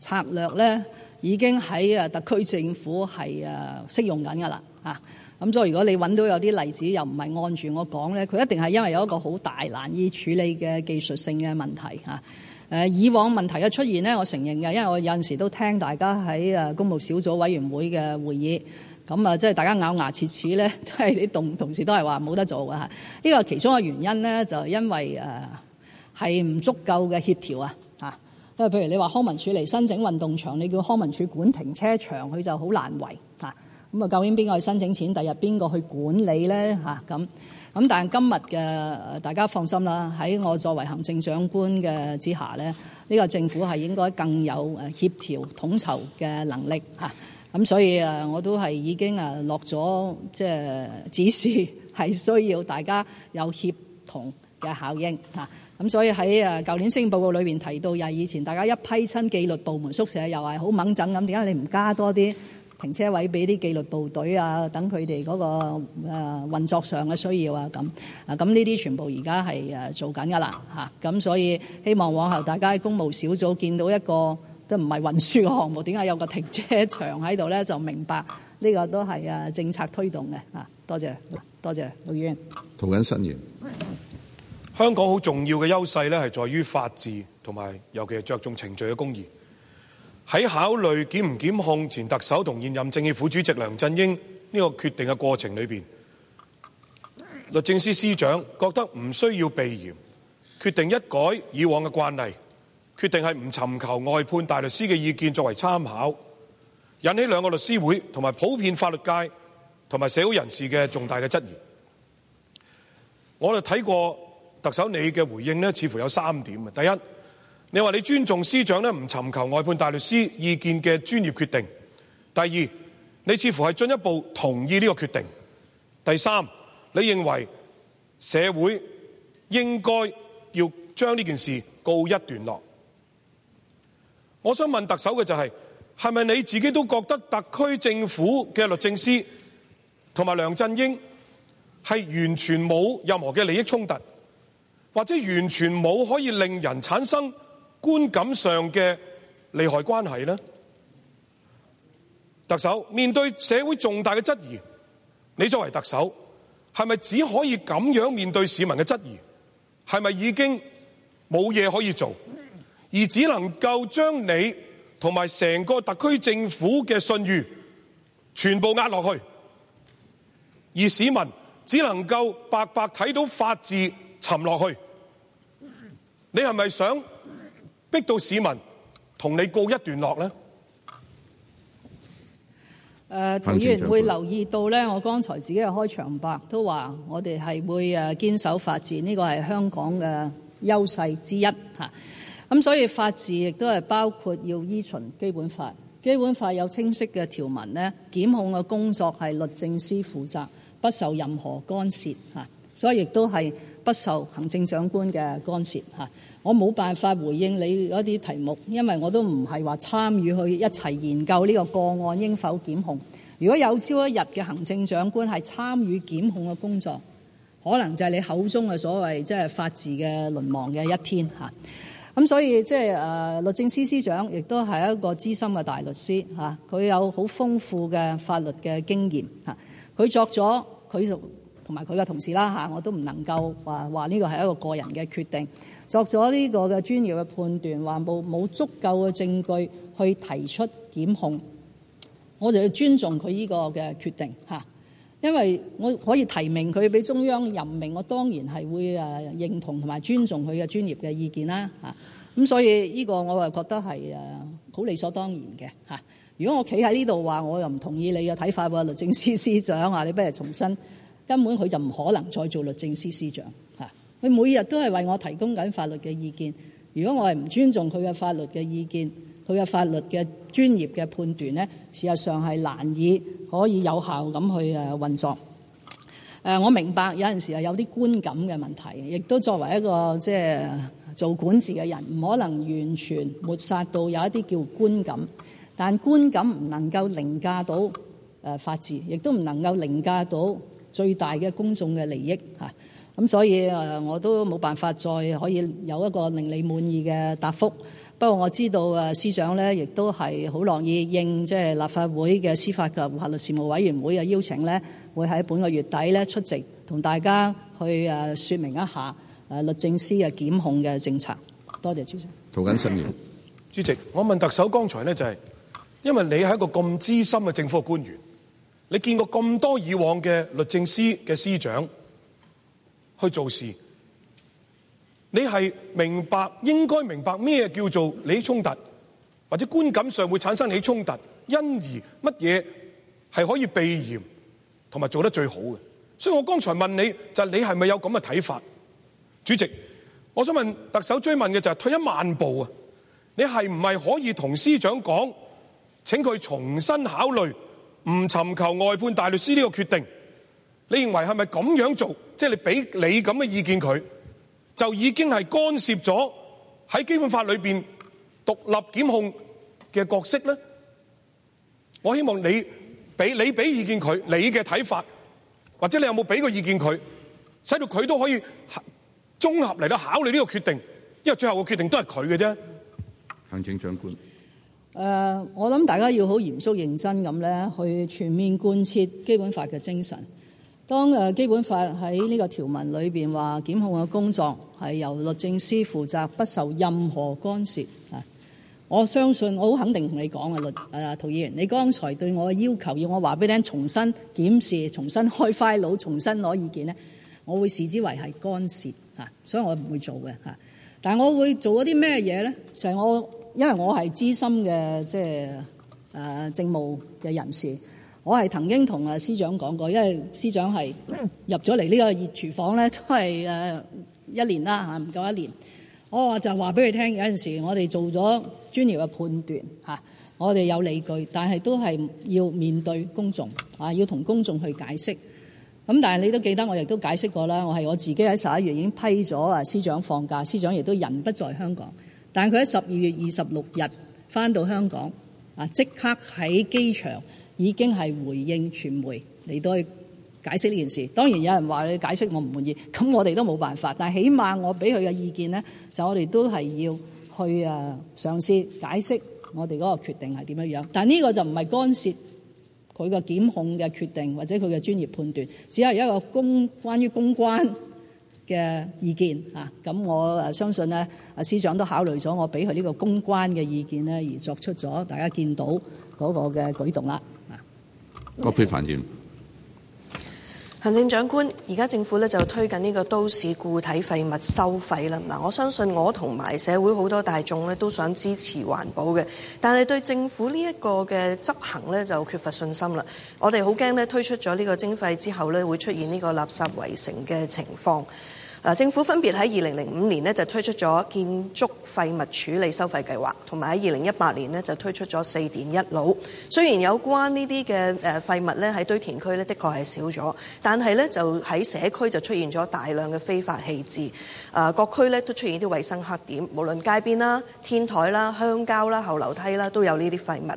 策略咧已經喺啊特區政府係啊適用緊噶啦嚇，咁所以如果你揾到有啲例子又唔係按住我講咧，佢一定係因為有一個好大難以處理嘅技術性嘅問題嚇。誒以往問題嘅出現咧，我承認嘅，因為我有陣時都聽大家喺啊公務小組委員會嘅會議，咁啊即係大家咬牙切齒咧，都係你同同事都係話冇得做㗎嚇。呢個其中嘅原因咧，就因為誒係唔足夠嘅協調啊。即譬如你話康文署嚟申請運動場，你叫康文署管停車場，佢就好難為嚇。咁啊，究竟邊個去申請錢？第日邊個去管理咧？嚇咁。咁但係今日嘅大家放心啦，喺我作為行政長官嘅之下咧，呢、呢個政府係應該更有協調統籌嘅能力嚇。咁所以我都係已經落咗即係指示，係需要大家有協同嘅效應嚇。咁所以喺誒舊年新聞報告裏面提到，又係以前大家一批親紀律部門宿舍又，又係好猛整咁。點解你唔加多啲停車位俾啲紀律部隊啊？等佢哋嗰個誒運作上嘅需要啊？咁啊咁呢啲全部而家係誒做緊噶啦嚇。咁所以希望往後大家喺公務小組見到一個都唔係運輸嘅項目，點解有個停車場喺度咧？就明白呢個都係誒政策推動嘅嚇。多謝多謝，盧議員。做緊新香港好重要嘅優勢咧，係在於法治同埋，尤其係着重程序嘅公義。喺考慮檢唔檢控前特首同現任政協副主席梁振英呢個決定嘅過程裏面，律政司司長覺得唔需要避嫌，決定一改以往嘅慣例，決定係唔尋求外判大律師嘅意見作為參考，引起兩個律師會同埋普遍法律界同埋社會人士嘅重大嘅質疑。我哋睇過。特首，你嘅回應呢，似乎有三點。第一，你話你尊重司長呢，唔尋求外判大律師意見嘅專業決定；第二，你似乎係進一步同意呢個決定；第三，你認為社會應該要將呢件事告一段落。我想問特首嘅就係，係咪你自己都覺得特區政府嘅律政司同埋梁振英係完全冇任何嘅利益衝突？或者完全冇可以令人產生觀感上嘅利害關係咧？特首面對社會重大嘅質疑，你作為特首係咪只可以咁樣面對市民嘅質疑？係咪已經冇嘢可以做，而只能夠將你同埋成個特區政府嘅信譽全部壓落去，而市民只能夠白白睇到法治沉落去？你係咪想逼到市民同你告一段落咧？誒、呃，議員會留意到咧。我剛才自己嘅開場白都話，我哋係會誒堅守法治，呢個係香港嘅優勢之一，咁所以法治亦都係包括要依循基本法，基本法有清晰嘅條文咧，檢控嘅工作係律政司負責，不受任何干涉，所以亦都係不受行政長官嘅干涉嚇，我冇辦法回應你嗰啲題目，因為我都唔係話參與去一齊研究呢個個案應否檢控。如果有朝一日嘅行政長官係參與檢控嘅工作，可能就係你口中嘅所謂即係法治嘅淪亡嘅一天嚇。咁所以即係誒律政司司長亦都係一個資深嘅大律師嚇，佢有好豐富嘅法律嘅經驗嚇，佢作咗佢，就同埋佢嘅同事啦吓，我都唔能夠話話呢個係一個個人嘅決定，作咗呢個嘅專業嘅判斷，話冇冇足夠嘅證據去提出檢控，我就要尊重佢呢個嘅決定吓，因為我可以提名佢俾中央任命，我當然係會誒認同同埋尊重佢嘅專業嘅意見啦吓，咁所以呢個我又覺得係誒好理所當然嘅吓，如果我企喺呢度話，我又唔同意你嘅睇法，律政司司長啊，你不如重新。根本佢就唔可能再做律政司司長吓。佢每日都係為我提供緊法律嘅意見。如果我係唔尊重佢嘅法律嘅意見，佢嘅法律嘅專業嘅判斷咧，事實上係難以可以有效咁去誒運作。誒，我明白有陣時係有啲觀感嘅問題，亦都作為一個即係做管治嘅人，唔可能完全抹殺到有一啲叫觀感。但觀感唔能夠凌駕到誒法治，亦都唔能夠凌駕到。最大嘅公眾嘅利益，咁所以我都冇辦法再可以有一個令你滿意嘅答覆不過我知道誒司長咧，亦都係好樂意應即係立法會嘅司法及法律事務委員會嘅邀請咧，會喺本個月底咧出席同大家去說明一下律政司嘅檢控嘅政策。多謝主席。涂謹申議員，主席，我問特首剛才咧就係、是、因為你係一個咁資深嘅政府嘅官員。你見過咁多以往嘅律政司嘅司長去做事，你係明白應該明白咩叫做你衝突，或者觀感上會產生你衝突，因而乜嘢係可以避嫌同埋做得最好嘅？所以我剛才問你就係你係咪有咁嘅睇法？主席，我想問特首追問嘅就係退一萬步啊，你係唔係可以同司長講，請佢重新考慮？唔尋求外判大律師呢個決定，你認為係咪咁樣做？即係你俾你咁嘅意見佢，就已經係干涉咗喺基本法裏邊獨立檢控嘅角色咧？我希望你俾你俾意見佢，你嘅睇法，或者你有冇俾個意見佢，使到佢都可以綜合嚟到考慮呢個決定，因為最後嘅決定都係佢嘅啫。行政長官。誒，我諗大家要好嚴肅認真咁咧，去全面貫徹基本法嘅精神。當誒基本法喺呢個條文裏面話，檢控嘅工作係由律政司負責，不受任何干涉。啊，我相信我好肯定同你講嘅律啊，陶議員，你剛才對我嘅要求，要我話俾你聽，重新檢視、重新開 file、重新攞意見呢，我會視之為係干涉啊，所以我唔會做嘅嚇。但係我會做一啲咩嘢咧？成、就係、我。因為我係資深嘅即係誒政務嘅人士，我係曾經同啊司長講過，因為司長係入咗嚟呢個熱廚房咧，都係誒一年啦嚇，唔夠一年。我話就話俾你聽，有陣時我哋做咗專業嘅判斷嚇，我哋有理據，但係都係要面對公眾啊，要同公眾去解釋。咁但係你都記得我，我亦都解釋過啦。我係我自己喺十一月已經批咗啊司長放假，司長亦都人不在香港。但佢喺十二月二十六日翻到香港啊，即刻喺機場已經係回應傳媒嚟到去解釋呢件事，當然有人話你解釋我唔滿意，咁我哋都冇辦法。但係起碼我俾佢嘅意見咧，就我哋都係要去啊，嘗試解釋我哋嗰個決定係點樣樣，但呢個就唔係干涉佢個檢控嘅決定或者佢嘅專業判斷，只係一個公關於公關，嘅意見啊，咁我誒相信呢，阿司長都考慮咗，我俾佢呢個公關嘅意見咧，而作出咗大家見到嗰個嘅舉動啦。郭佩凡議員，行政長官，而家政府呢就推緊呢個都市固體廢物收費啦。嗱，我相信我同埋社會好多大眾呢都想支持環保嘅，但係對政府呢一個嘅執行呢就缺乏信心啦。我哋好驚呢推出咗呢個徵費之後呢，會出現呢個垃圾圍城嘅情況。政府分別喺二零零五年咧就推出咗建築廢物處理收費計劃，同埋喺二零一八年咧就推出咗四電一腦。雖然有關呢啲嘅誒廢物咧喺堆填區咧的確係少咗，但係咧就喺社區就出現咗大量嘅非法棄置。啊，各區咧都出現啲衞生黑點，無論街邊啦、天台啦、鄉郊啦、後樓梯啦，都有呢啲廢物。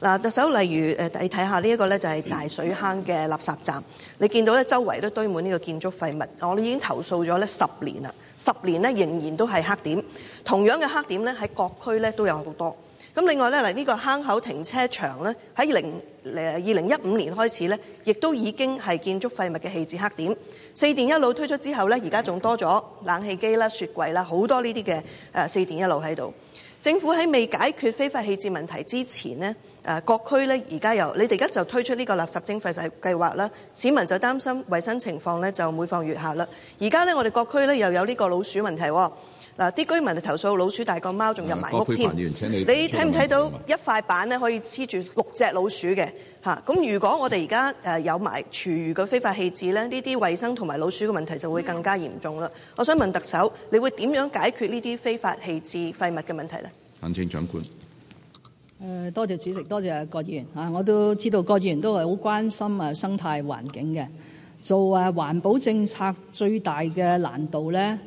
嗱，特首，例如誒你睇下呢一個咧，就係大水坑嘅垃圾站，你見到咧，周圍都堆滿呢個建築廢物。我哋已經投訴咗咧十年啦，十年呢，仍然都係黑點。同樣嘅黑點咧，喺各區咧都有好多。咁另外咧，嚟呢個坑口停車場咧，喺二零誒二零一五年開始咧，亦都已經係建築廢物嘅棄置黑點。四電一路推出之後咧，而家仲多咗冷氣機啦、雪櫃啦，好多呢啲嘅誒四電一路喺度。政府喺未解決非法棄置問題之前呢。誒各區咧，而家又你哋而家就推出呢個垃圾徵費計計劃啦，市民就擔心衛生情況咧就每況愈下啦。而家咧，我哋各區咧又有呢個老鼠問題喎。嗱，啲居民就投訴老鼠大過貓，仲入埋屋添。你睇唔睇到一塊板咧可以黐住六隻老鼠嘅？嚇，咁如果我哋而家誒有埋廚餘嘅非法棄置咧，呢啲衛生同埋老鼠嘅問題就會更加嚴重啦。我想問特首，你會點樣解決呢啲非法棄置廢物嘅問題呢？問請長官。誒多謝主席，多謝郭議員嚇，我都知道郭議員都係好關心誒生態環境嘅。做誒環保政策最大嘅難度咧，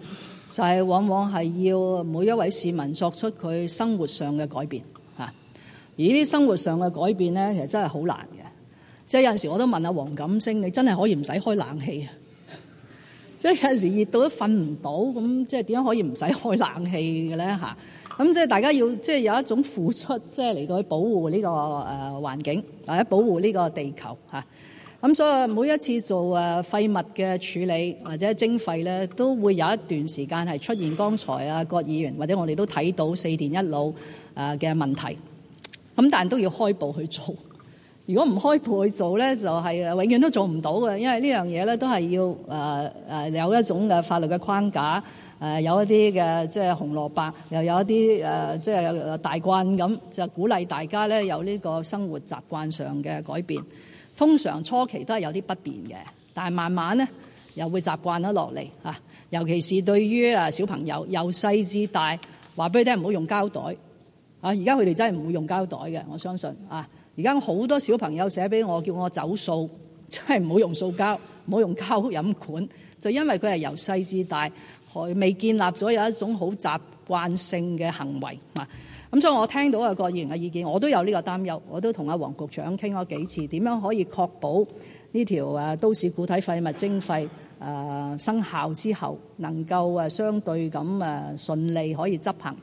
就係往往係要每一位市民作出佢生活上嘅改變嚇。而啲生活上嘅改變咧，其實真係好難嘅。即係有陣時我都問下黃錦星，你真係可以唔使開冷氣啊？即係有陣時熱到都瞓唔到，咁即係點樣可以唔使開冷氣嘅咧嚇？咁即係大家要即係有一種付出，即係嚟到去保護呢個誒環境，或者保護呢個地球。咁所以每一次做誒廢物嘅處理或者徵費咧，都會有一段時間係出現剛才啊郭議員或者我哋都睇到四電一腦啊嘅問題。咁但係都要開步去做。如果唔開步去做咧，就係誒永遠都做唔到嘅，因為呢樣嘢咧都係要誒有一種嘅法律嘅框架。誒有一啲嘅，即係紅蘿蔔，又有一啲誒，即係大棍咁，就鼓勵大家咧有呢個生活習慣上嘅改變。通常初期都係有啲不便嘅，但係慢慢咧又會習慣咗落嚟嚇。尤其是對於啊小朋友由細至大，話俾你聽唔好用膠袋啊。而家佢哋真係唔會用膠袋嘅，我相信啊。而家好多小朋友寫俾我叫我走數，真係唔好用塑膠，唔好用膠飲管，就因為佢係由細至大。未建立咗有一種好習慣性嘅行為啊！咁所以我聽到啊郭議員嘅意見，我都有呢個擔憂，我都同阿黃局長傾咗幾次，點樣可以確保呢條都市固體廢物徵費生效之後能夠相對咁啊順利可以執行。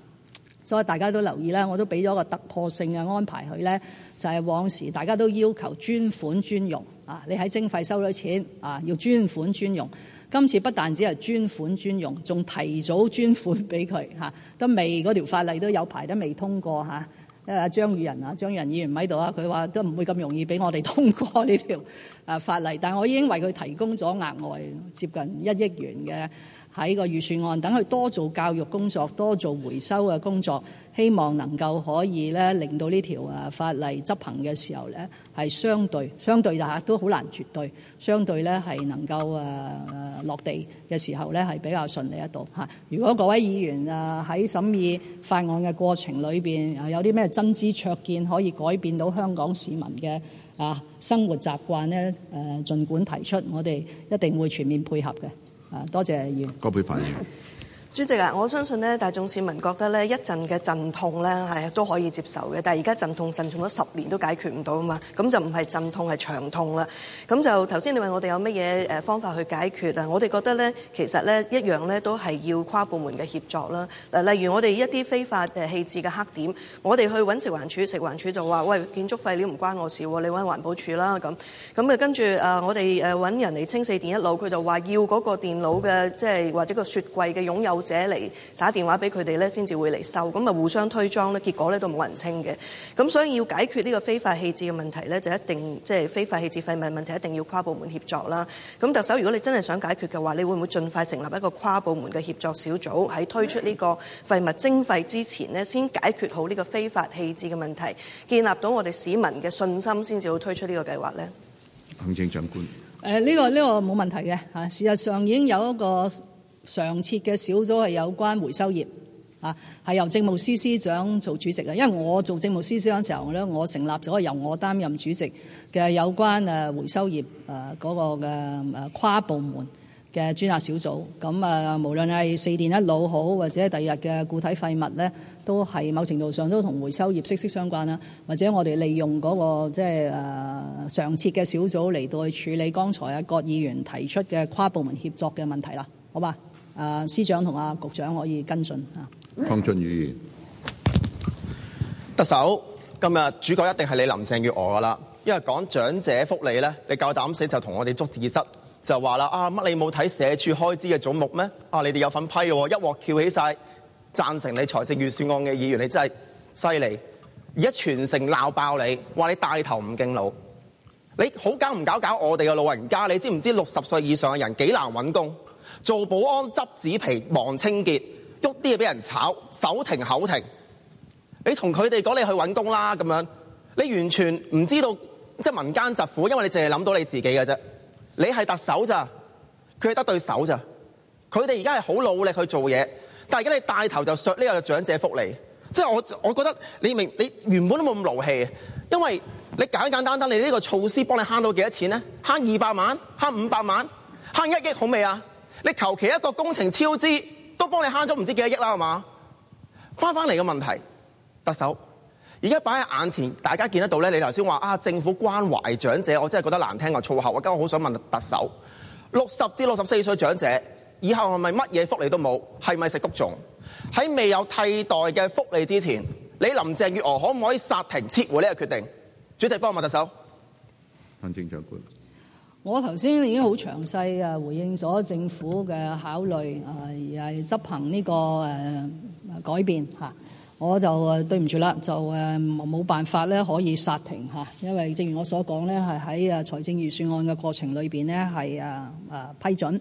所以大家都留意啦，我都俾咗個突破性嘅安排佢咧，就係、是、往時大家都要求專款專用啊，你喺徵費收咗錢啊，要專款專用。今次不單止係專款專用，仲提早專款俾佢嚇，都未嗰條法例都有排都未通過嚇。誒，張宇人啊，張宇人議員唔喺度啊，佢話都唔會咁容易俾我哋通過呢條誒法例，但我已經為佢提供咗額外接近一億元嘅喺個預算案，等佢多做教育工作，多做回收嘅工作。希望能夠可以咧，令到呢條啊法例執行嘅時候咧，係相對相對啊都好難絕對，相對咧係能夠啊落地嘅時候咧係比較順利一度嚇。如果各位議員啊喺審議法案嘅過程裏邊有啲咩真知灼見可以改變到香港市民嘅啊生活習慣咧，誒儘管提出，我哋一定會全面配合嘅。啊，多謝議員。葛珮帆議員。我相信咧，大眾市民覺得咧，一陣嘅陣痛咧，係都可以接受嘅。但係而家陣痛陣痛咗十年都解決唔到啊嘛，咁就唔係陣痛係長痛啦。咁就頭先你問我哋有乜嘢誒方法去解決啊？我哋覺得咧，其實咧一樣咧都係要跨部門嘅協作啦。嗱，例如我哋一啲非法誒棄置嘅黑點，我哋去揾食環署，食環署就話喂建築廢料唔關我事喎，你揾環保署啦咁。咁嘅跟住誒我哋誒揾人嚟清四電一腦，佢就話要嗰個電腦嘅即係或者個雪櫃嘅擁有者嚟打電話俾佢哋咧，先至會嚟收，咁咪互相推裝咧，結果咧都冇人清嘅。咁所以要解決呢個非法棄置嘅問題咧，就一定即係、即係、非法棄置廢物問題，一定要跨部門協作啦。咁特首，如果你真係想解決嘅話，你會唔會盡快成立一個跨部門嘅協作小組，喺推出呢個廢物徵費之前咧，先解決好呢個非法棄置嘅問題，建立到我哋市民嘅信心，先至會推出呢個計劃呢？行政長官，誒、呢、呢個呢、呢個冇問題嘅嚇，事實上已經有一個。上次嘅小組係有關回收業啊，係由政務司司長做主席啊。因為我做政務司司長嘅時候咧，我成立咗由我擔任主席嘅有關回收業嗰個嘅跨部門嘅專責小組。咁誒，無論係四電一腦好，或者第二日嘅固體廢物咧，都係某程度上都同回收業息息相關啦。或者我哋利用嗰個即係上次嘅小組嚟到去處理剛才啊各議員提出嘅跨部門協作嘅問題啦。好吧？啊，司長同啊局長可以跟進嚇。鄺俊宇，特首今日主角一定係你林鄭月娥啦，因為講長者福利咧，你夠膽死就同我哋捉字蝨，就話啦啊乜你冇睇社署開支嘅總目咩？啊你哋有份批嘅，一鑊翹起晒，贊成你財政預算案嘅議員，你真係犀利！而家全城鬧爆你，話你帶頭唔敬老，你好搞唔搞搞我哋嘅老人家？你知唔知六十歲以上嘅人幾難揾工？做保安執紙皮忙清潔，喐啲嘢俾人炒，手停口停。你同佢哋講，你去搵工啦咁樣。你完全唔知道即係民間疾苦，因為你淨係諗到你自己嘅啫。你係特首咋，佢係得對手咋。佢哋而家係好努力去做嘢，但係而家你帶頭就削呢個長者福利。即係我，我覺得你明，你原本都冇咁勞氣，因為你簡簡單單,單，你呢個措施幫你慳到幾多錢咧？慳二百萬，慳五百萬，慳一億好未啊？你求其一個工程超支都幫你慳咗唔知幾多億啦，係嘛？翻返嚟嘅問題，特首而家擺喺眼前，大家見得到咧。你頭先話啊，政府關懷長者，我真係覺得難聽個粗口。我而家好想問特首：六十至六十四歲長者以後係咪乜嘢福利都冇？係咪食谷種？喺未有替代嘅福利之前，你林鄭月娥可唔可以殺停撤回呢個決定？主席幫我問特首。行政長官。我頭先已經好詳細啊，回應咗政府嘅考慮啊，而係執行呢個誒改變嚇。我就誒對唔住啦，就誒冇辦法咧，可以殺停嚇，因為正如我所講咧，係喺啊財政預算案嘅過程裏邊咧，係啊啊批准，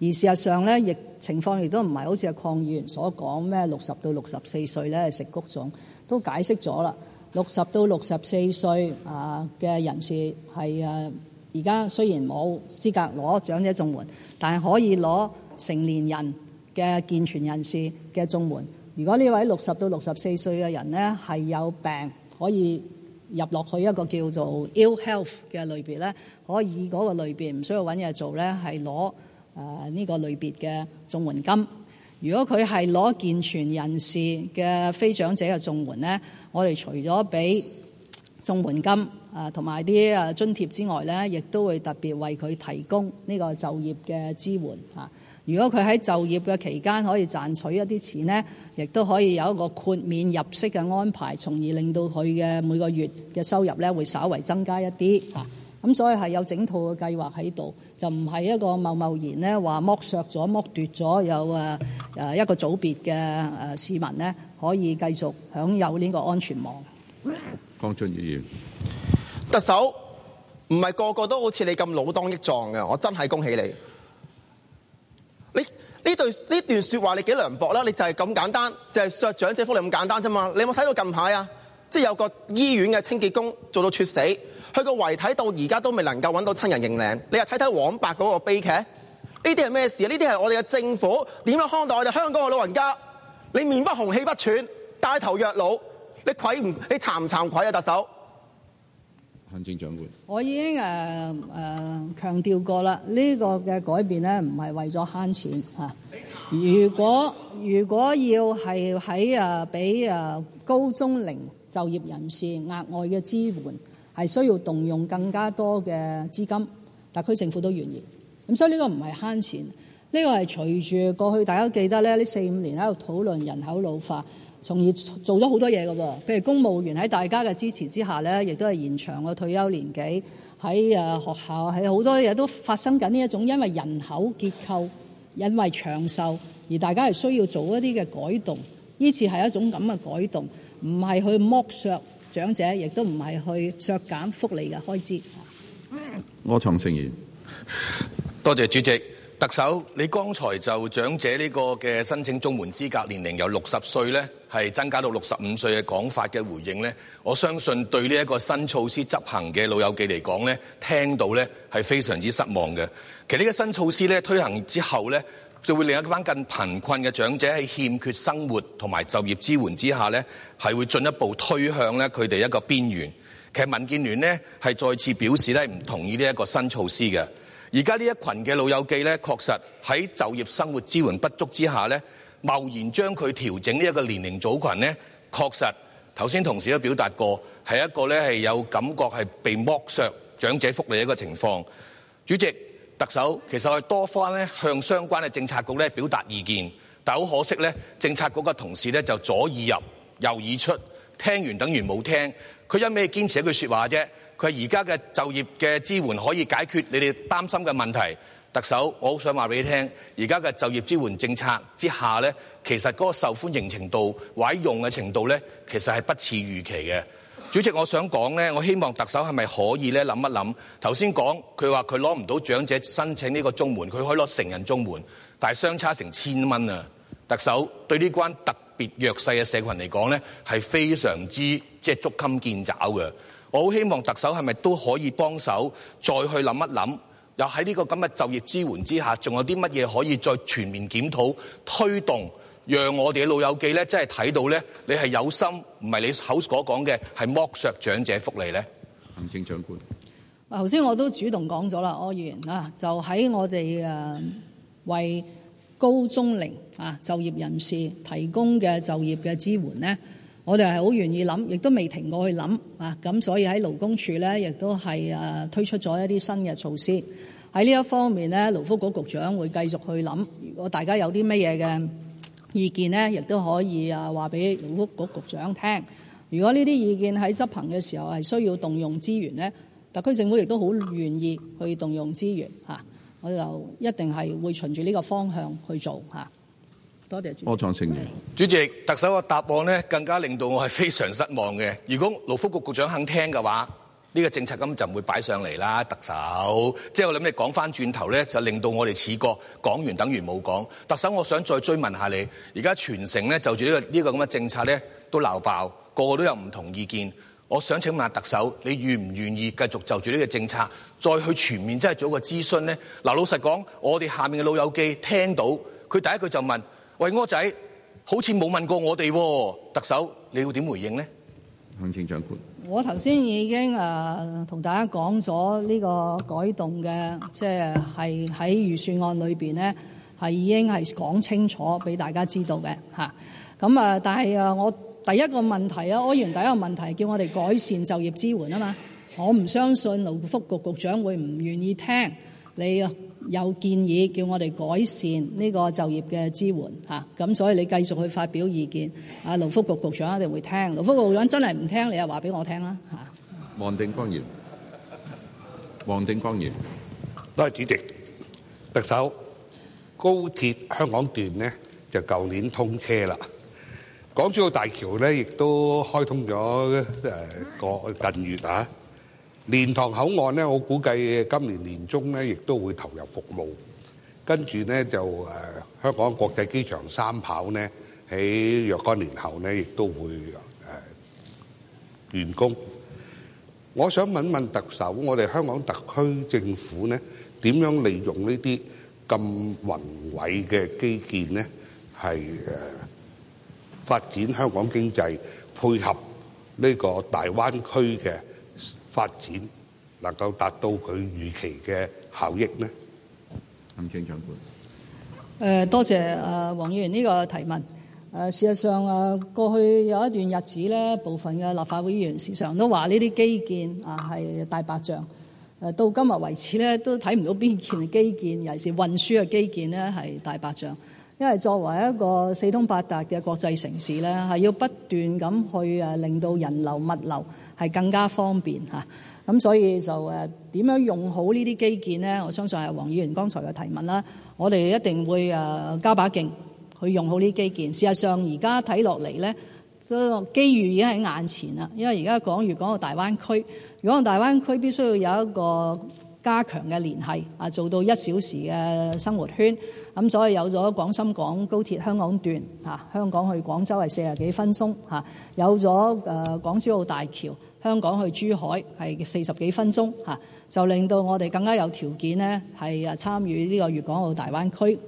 而事實上咧，亦情況亦都唔係好似係抗議員所講咩六十到六十四歲咧食谷種都解釋咗啦。六十到六十四歲啊嘅人士係誒。而家雖然冇資格攞長者綜援，但係可以攞成年人嘅健全人士嘅綜援。如果呢位六十到六十四歲嘅人咧係有病，可以入落去一個叫做 ill health 嘅類別咧，可以嗰個類別唔需要搵嘢做咧，係攞誒呢個類別嘅綜援金。如果佢係攞健全人士嘅非長者嘅綜援咧，我哋除咗俾綜援金，啊，同埋啲啊津貼之外呢，亦都會特別為佢提供呢個就業嘅支援嚇。如果佢喺就業嘅期間可以賺取一啲錢呢，亦都可以有一個豁免入息嘅安排，從而令到佢嘅每個月嘅收入呢會稍為增加一啲嚇。咁所以係有整套嘅計劃喺度，就唔係一個貿貿然呢話剝削咗、剝奪咗有啊啊一個組別嘅啊市民呢，可以繼續享有呢個安全網。江津議員。特首唔係個個都好似你咁老當益壯嘅，我真係恭喜你。你呢對呢段說話，你幾涼薄啦？你就係咁簡單，就係、是、削長者福利咁簡單啫嘛？你有冇睇到近排呀、啊？即係有個醫院嘅清潔工做到猝死，佢個遺體到而家都未能夠搵到親人認領。你又睇睇黃伯嗰個悲劇，呢啲係咩事啊？呢啲係我哋嘅政府點樣看待我哋香港嘅老人家？你面不紅氣不喘，帶頭虐老，你愧唔你慚唔慚愧啊？特首！行政長官，我已經誒誒強調過啦，呢個嘅改變咧唔係為咗慳錢嚇。如果如果要係喺誒俾誒高中齡就業人士額外嘅支援，係需要動用更加多嘅資金，特區政府都願意。咁所以呢個唔係慳錢，呢個係隨住過去大家記得咧，呢四五年喺度討論人口老化。從而做咗好多嘢㗎喎，譬如公務員喺大家嘅支持之下咧，亦都係延長個退休年紀喺誒學校，喺好多嘢都發生緊呢一種，因為人口結構因為長壽而大家係需要做一啲嘅改動，呢次係一種咁嘅改動，唔係去剝削長者，亦都唔係去削減福利嘅開支。我長盛言，多謝主席。特首，你剛才就長者呢個嘅申請綜援資格年齡由六十歲咧，係增加到六十五歲嘅講法嘅回應咧，我相信對呢一個新措施執行嘅老友記嚟講咧，聽到咧係非常之失望嘅。其實呢個新措施咧推行之後咧，就會令一班更貧困嘅長者喺欠缺生活同埋就業支援之下咧，係會進一步推向咧佢哋一個邊緣，其實民建聯咧係再次表示咧唔同意呢一個新措施嘅。而家呢一群嘅老友記咧，確實喺就業生活支援不足之下咧，冒然將佢調整呢一個年齡組群，咧，確實頭先同事都表達過，係一個咧係有感覺係被剝削長者福利一個情況。主席、特首，其實我多方咧向相關嘅政策局咧表達意見，但好可惜咧，政策局嘅同事咧就左耳入右耳出，聽完等完冇聽，佢因咩堅持一句説話啫。佢而家嘅就業嘅支援可以解決你哋擔心嘅問題，特首，我好想話俾你聽，而家嘅就業支援政策之下呢其實嗰個受歡迎程度、或用嘅程度呢，其實係不似預期嘅。主席，我想講呢，我希望特首係咪可以呢諗一諗，頭先講佢話佢攞唔到長者申請呢個綜援，佢可以攞成人綜援，但係相差成千蚊啊！特首對呢關特別弱勢嘅社群嚟講呢，係非常之即係、就是、捉襟見肘嘅。我好希望特首係咪都可以幫手，再去諗一諗，又喺呢個咁嘅就業支援之下，仲有啲乜嘢可以再全面檢討、推動，讓我哋嘅老友記咧，真係睇到咧，你係有心，唔係你口所講嘅係剝削長者福利咧。行政長官。頭先我都主動講咗啦，柯議員啊，就喺我哋誒為高中齡啊就業人士提供嘅就業嘅支援咧。我哋係好願意諗，亦都未停過去諗啊！咁所以喺勞工處呢，亦都係誒推出咗一啲新嘅措施。喺呢一方面呢，勞福局局長會繼續去諗。如果大家有啲乜嘢嘅意見呢，亦都可以誒話俾勞福局局長聽。如果呢啲意見喺執行嘅時候係需要動用資源呢，特區政府亦都好願意去動用資源吓。我就一定係會循住呢個方向去做吓。多謝主席成員。主席，特首嘅答案咧，更加令到我係非常失望嘅。如果勞福局局長肯聽嘅話，呢個政策咁就唔會擺上嚟啦，特首。即係我諗，你講翻轉頭咧，就令到我哋似講講完等於冇講。特首，我想再追問下你，而家全城咧就住呢個呢個咁嘅政策咧都鬧爆，個個都有唔同意見。我想請問下特首，你願唔願意繼續就住呢個政策再去全面真係做一個諮詢咧？嗱，老實講，我哋下面嘅老友記聽到佢第一句就問。喂，柯仔，好似冇問過我哋喎。啊，特首，你要點回應呢？行政長官，我頭先已經誒同大家講咗呢個改動嘅，即係喺預算案裏面呢，係已經係講清楚俾大家知道嘅吓。咁啊，但係啊，我第一個問題啊，我議員第一個問題叫我哋改善就業支援啊嘛，我唔相信勞福局局長會唔願意聽你啊。有建議叫我哋改善呢個就業嘅支援，咁所以你繼續去發表意見。阿勞福局局長一定會聽，勞福局局長真係唔聽，你又話俾我聽啦。黃定光議員，黃定光議員，多謝主席。特首，高鐵香港段呢，就舊年通車啦，港珠澳大橋咧亦都開通咗誒過近月啊。蓮塘口岸咧，我估計今年年中咧，亦都會投入服務，跟住咧就香港國際機場三跑呢，喺若干年後咧亦都會完工。我想問問特首，我哋香港特區政府咧點樣利用呢啲咁宏偉嘅基建咧，係誒發展香港經濟，配合呢個大灣區嘅？發展能夠達到佢預期嘅效益呢？林鄭長官，誒多謝誒黃議員呢個提問。誒事實上誒過去有一段日子咧，部分嘅立法會議員時常都話呢啲基建啊係大白象。誒到今日為止咧，都睇唔到邊件基建，尤其是運輸嘅基建咧係大白象。因為作為一個四通八達嘅國際城市咧，係要不斷咁去誒令到人流物流。係更加方便吓，咁所以就誒點樣用好呢啲基建咧？我相信係黃議員剛才嘅提問啦，我哋一定會誒加把勁去用好呢啲基建。事實上而家睇落嚟咧，個機遇已經喺眼前啦，因為而家講如講到大灣區，如果大灣區必須要有一個加強嘅聯繫，啊做到一小時嘅生活圈。咁所以有咗廣深港高鐵香港段，嚇香港去廣州係四十幾分鐘，嚇有咗誒港珠澳大橋，香港去珠海係四十幾分鐘，嚇就令到我哋更加有條件咧係誒參與呢個粵港澳大灣區。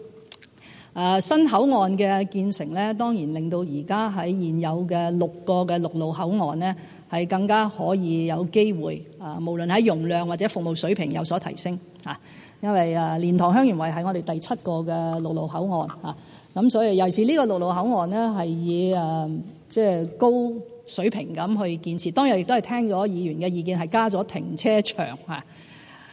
誒新口岸嘅建成咧，當然令到而家喺現有嘅六個嘅陸路口岸咧，係更加可以有機會誒，無論喺容量或者服務水平有所提升嚇。因為啊，蓮塘香園圍係我哋第七個嘅陸路口岸啊，咁所以尤其是呢個陸路口岸咧，係以誒即係高水平咁去建設。當日亦都係聽咗議員嘅意見，係加咗停車場嚇，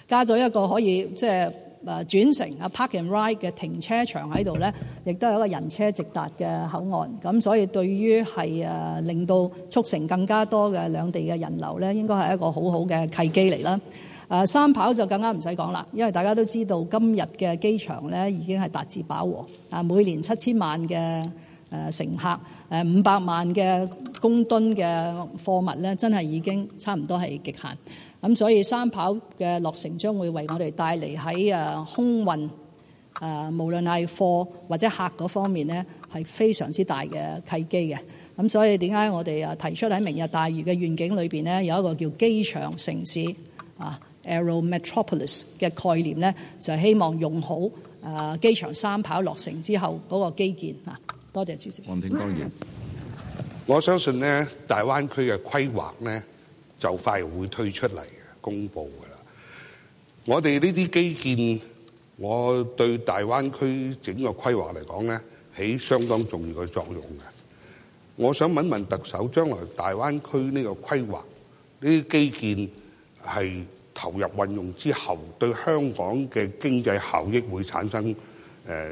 加咗一個可以即係誒轉乘啊 park and ride 嘅停車場喺度咧，亦都係一個人車直達嘅口岸。咁所以對於係誒令到促成更加多嘅兩地嘅人流咧，應該係一個好好嘅契機嚟啦。誒三跑就更加唔使講啦，因為大家都知道今日嘅機場咧已經係達至飽和啊，每年七千萬嘅誒乘客，誒五百萬嘅公噸嘅貨物咧，真係已經差唔多係極限。咁所以三跑嘅落成將會為我哋帶嚟喺誒空運誒，無論係貨或者客嗰方面咧，係非常之大嘅契機嘅。咁所以點解我哋誒提出喺明日大嶼嘅願景裏邊咧，有一個叫機場城市啊？Aero Metropolis 嘅概念咧，就是、希望用好誒、啊、機場三跑落成之後嗰個基建啊！多謝主席，黃定光議，我相信咧，大灣區嘅規劃咧就快會推出嚟嘅，公布噶啦。我哋呢啲基建，我對大灣區整個規劃嚟講咧，起相當重要嘅作用嘅。我想問問特首，將來大灣區呢個規劃呢啲基建係投入運用之後，對香港嘅經濟效益會產生誒、呃，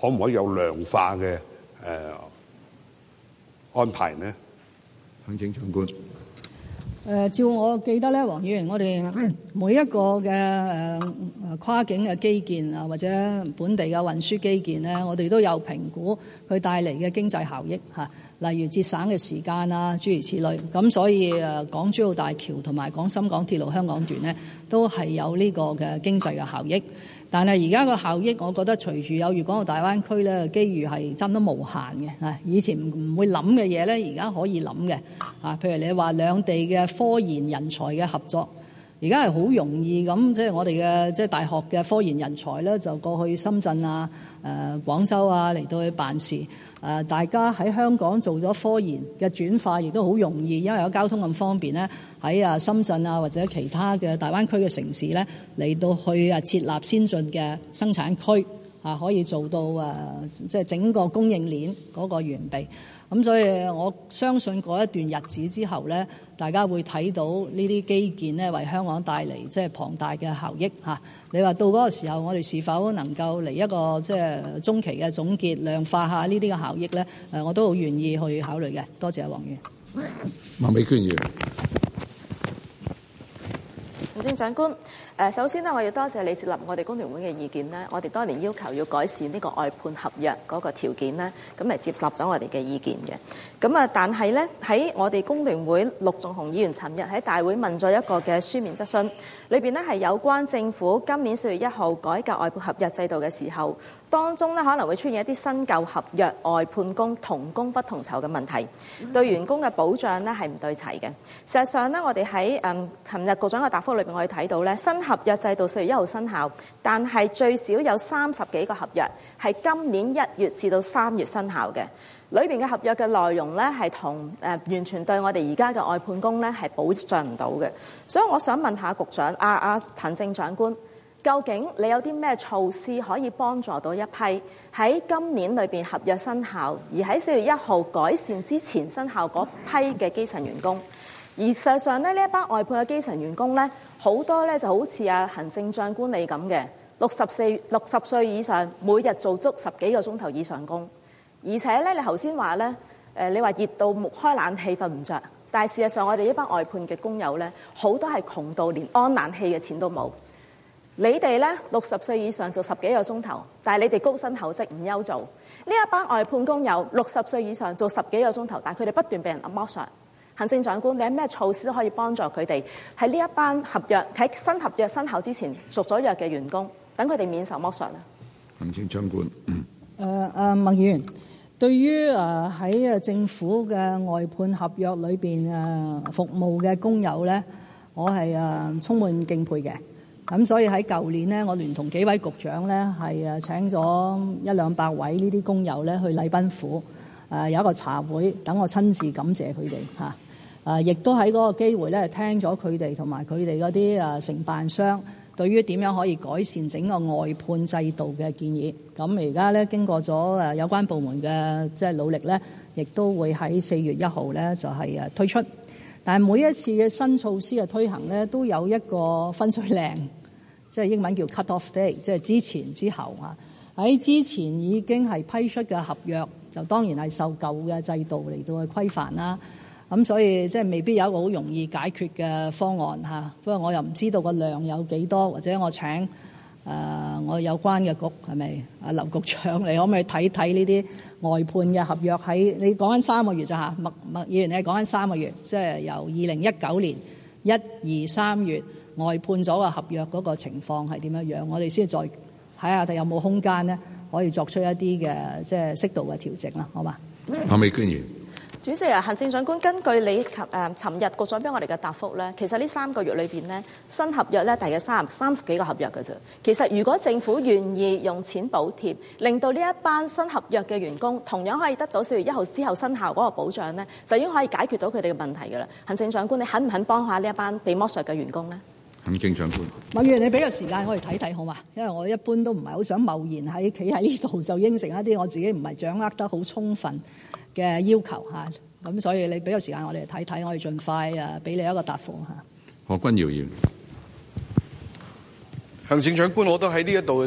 可唔可以有量化嘅誒、呃、安排呢？行政長官。誒，照我記得咧，黃宇瑩，我哋每一個嘅誒跨境嘅基建啊，或者本地嘅運輸基建咧，我哋都有評估佢帶嚟嘅經濟效益嚇，例如節省嘅時間啊，諸如此類。咁所以誒，港珠澳大橋同埋港深港鐵路香港段咧，都係有呢個嘅經濟嘅效益。但係而家個效益，我覺得隨住有粵港澳大灣區咧，機遇係差唔多無限嘅嚇。以前唔會諗嘅嘢咧，而家可以諗嘅嚇。譬如你話兩地嘅科研人才嘅合作，而家係好容易咁，即係我哋嘅即係大學嘅科研人才咧，就過去深圳啊、誒廣州啊嚟到去辦事。誒，大家喺香港做咗科研嘅轉化，亦都好容易，因為有交通咁方便咧，喺啊深圳啊或者其他嘅大灣區嘅城市咧，嚟到去啊設立先進嘅生產區啊，可以做到誒，即係整個供應鏈嗰個完備。咁所以我相信過一段日子之後呢，大家會睇到呢啲基建咧，為香港帶嚟即係龐大嘅效益。你話到嗰個時候，我哋是否能夠嚟一個即係中期嘅總結，量化一下呢啲嘅效益呢？我都好願意去考慮嘅。多謝黃議員。麥美娟議員。行政長官。誒首先咧，我要多謝你接納我哋工聯會嘅意見咧，我哋當年要求要改善呢個外判合約嗰個條件咧，咁嚟接納咗我哋嘅意見嘅。咁啊，但係呢，喺我哋工聯會陸頌雄議員尋日喺大會問咗一個嘅書面質詢，裏邊呢係有關政府今年四月一號改革外判合約制度嘅時候，當中咧可能會出現一啲新舊合約外判工同工不同酬嘅問題，對員工嘅保障呢係唔對齊嘅。事實上呢，我哋喺誒尋日局長嘅答覆裏邊，我哋睇到呢。新合約制度四月一號生效，但係最少有三十幾個合約係今年一月至到三月生效嘅，裏邊嘅合約嘅內容呢係同誒完全對我哋而家嘅外判工呢係保障唔到嘅，所以我想問下局長啊啊，啊啊、行政長官，究竟你有啲咩措施可以幫助到一批喺今年裏邊合約生效而喺四月一號改善之前生效嗰批嘅基層員工？而事實上咧，呢一班外判嘅基層員工咧，好多咧就好似阿行政長官你咁嘅，六十四六十歲以上，每日做足十幾個鐘頭以上工，而且咧你頭先話咧，誒你話熱到木開冷氣瞓唔着。但係事實上我哋呢班外判嘅工友咧，好多係窮到連安冷氣嘅錢都冇。你哋咧六十歲以上做十幾個鐘頭，但係你哋高薪厚職唔休做。呢一班外判工友六十歲以上做十幾個鐘頭，但係佢哋不斷被人剝削。行政長官，你有咩措施都可以幫助佢哋，喺呢一班合約，喺新合約生效之前熟咗約嘅員工，等佢哋免受剝削咧。行政長官，誒、呃、誒，麥、呃、議員，對於誒喺誒政府嘅外判合約裏邊誒服務嘅工友咧，我係誒充滿敬佩嘅。咁所以喺舊年咧，我聯同幾位局長咧，係誒請咗一兩百位呢啲工友咧去禮賓府誒有一個茶會，等我親自感謝佢哋嚇。誒，亦都喺嗰個機會咧，聽咗佢哋同埋佢哋嗰啲誒承辦商對於點樣可以改善整個外判制度嘅建議。咁而家咧，經過咗有關部門嘅即係努力咧，亦都會喺四月一號咧就係推出。但係每一次嘅新措施嘅推行咧，都有一個分水嶺，即係英文叫 cut off d a y，即係之前之後啊。喺之前已經係批出嘅合約，就當然係受救嘅制度嚟到去規範啦。咁所以即係未必有一個好容易解決嘅方案吓，不過我又唔知道個量有幾多，或者我請誒、呃、我有關嘅局係咪阿劉局長，你可唔可以睇睇呢啲外判嘅合約喺？你講緊三個月啫吓麥麥議員，你講緊三個月，即係由二零一九年一二三月外判咗嘅合約嗰個情況係點樣樣，我哋先再睇下我哋有冇空間咧，可以作出一啲嘅即係適度嘅調整啦，好嘛？下邊議員。主席啊，行政長官根據你及尋日局長俾我哋嘅答覆咧，其實呢三個月裏邊咧，新合約咧大約三三十幾個合約嘅啫。其實如果政府願意用錢補貼，令到呢一班新合約嘅員工同樣可以得到四月一號之後生效嗰個保障咧，就已經可以解決到佢哋嘅問題㗎啦。行政長官，你肯唔肯幫下呢一班被剝削嘅員工咧？行政長官，某月你俾個時間可以睇睇好嘛？因為我一般都唔係好想貿然喺企喺呢度就應承一啲我自己唔係掌握得好充分嘅要求吓，咁所以你俾個時間我哋嚟睇睇，我哋盡快誒俾你一個答覆吓。何君堯議員，行政長官，我都喺呢一度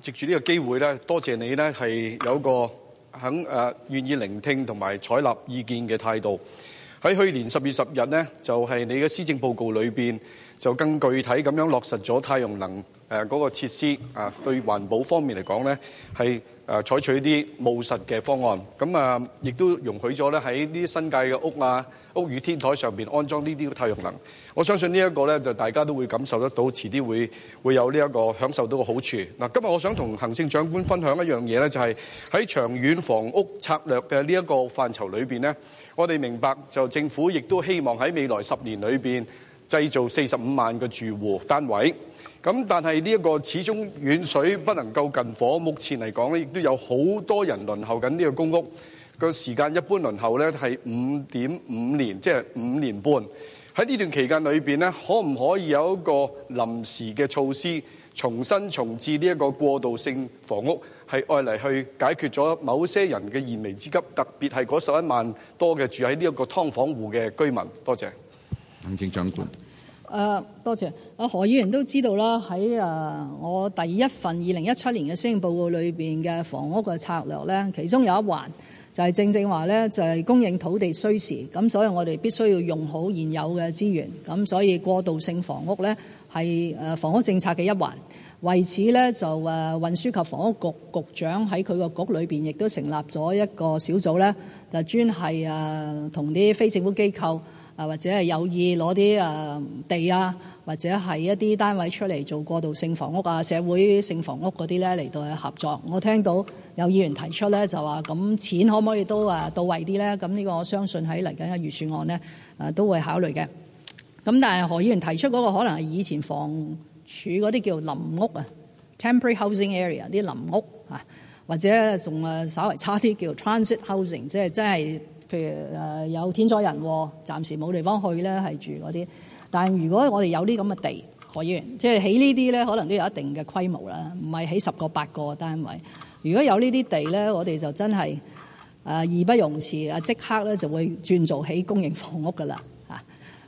藉住呢個機會咧，多謝你咧係有個肯誒願意聆聽同埋採納意見嘅態度。喺去年十月十日咧，就係你嘅施政報告裏邊就更具體咁樣落實咗太陽能誒嗰個設施啊，對環保方面嚟講咧係。誒採取一啲務實嘅方案，咁啊，亦都容許咗咧喺呢啲新界嘅屋啊、屋宇天台上邊安裝呢啲太陽能。我相信呢一個咧就大家都會感受得到，遲啲會會有呢一個享受到嘅好處。嗱，今日我想同行政長官分享一樣嘢咧，就係喺長遠房屋策略嘅呢一個範疇裏邊咧，我哋明白就政府亦都希望喺未來十年裏邊製造四十五萬個住戶單位。咁但係呢一個始終遠水不能夠近火，目前嚟講咧，亦都有好多人輪候緊呢個公屋個時間，一般輪候咧係五點五年，即係五年半。喺呢段期間裏邊咧，可唔可以有一個臨時嘅措施，重新重置呢一個過渡性房屋，係愛嚟去解決咗某些人嘅燃眉之急，特別係嗰十一萬多嘅住喺呢一個劏房戶嘅居民。多謝。行政長官。誒、uh, 多謝啊，何議員都知道啦，喺、uh, 我第一份二零一七年嘅施政報告裏面嘅房屋嘅策略咧，其中有一環就係、是、正正話咧，就係、是、供應土地需時，咁所以我哋必須要用好現有嘅資源，咁所以過渡性房屋咧係誒房屋政策嘅一環，為此咧就誒、啊、運輸及房屋局局，局長喺佢個局裏面亦都成立咗一個小組咧，就專係誒同啲非政府機構。啊，或者係有意攞啲誒地啊，或者係一啲單位出嚟做過渡性房屋啊、社會性房屋嗰啲咧嚟到合作。我聽到有議員提出咧，就話咁錢可唔可以都誒到位啲咧？咁呢個我相信喺嚟緊嘅預算案咧誒都會考慮嘅。咁但係何議員提出嗰個可能係以前房署嗰啲叫臨屋啊 （temporary housing area） 啲臨屋啊，或者仲誒稍微差啲叫 transit housing，即係真係。譬如誒有天災人禍，暫時冇地方去咧，係住嗰啲。但係如果我哋有啲咁嘅地，何議員，可以即係起呢啲咧，可能都有一定嘅規模啦，唔係起十個八個單位。如果有呢啲地咧，我哋就真係誒義不容辭啊，即刻咧就會轉做起公營房屋㗎啦嚇。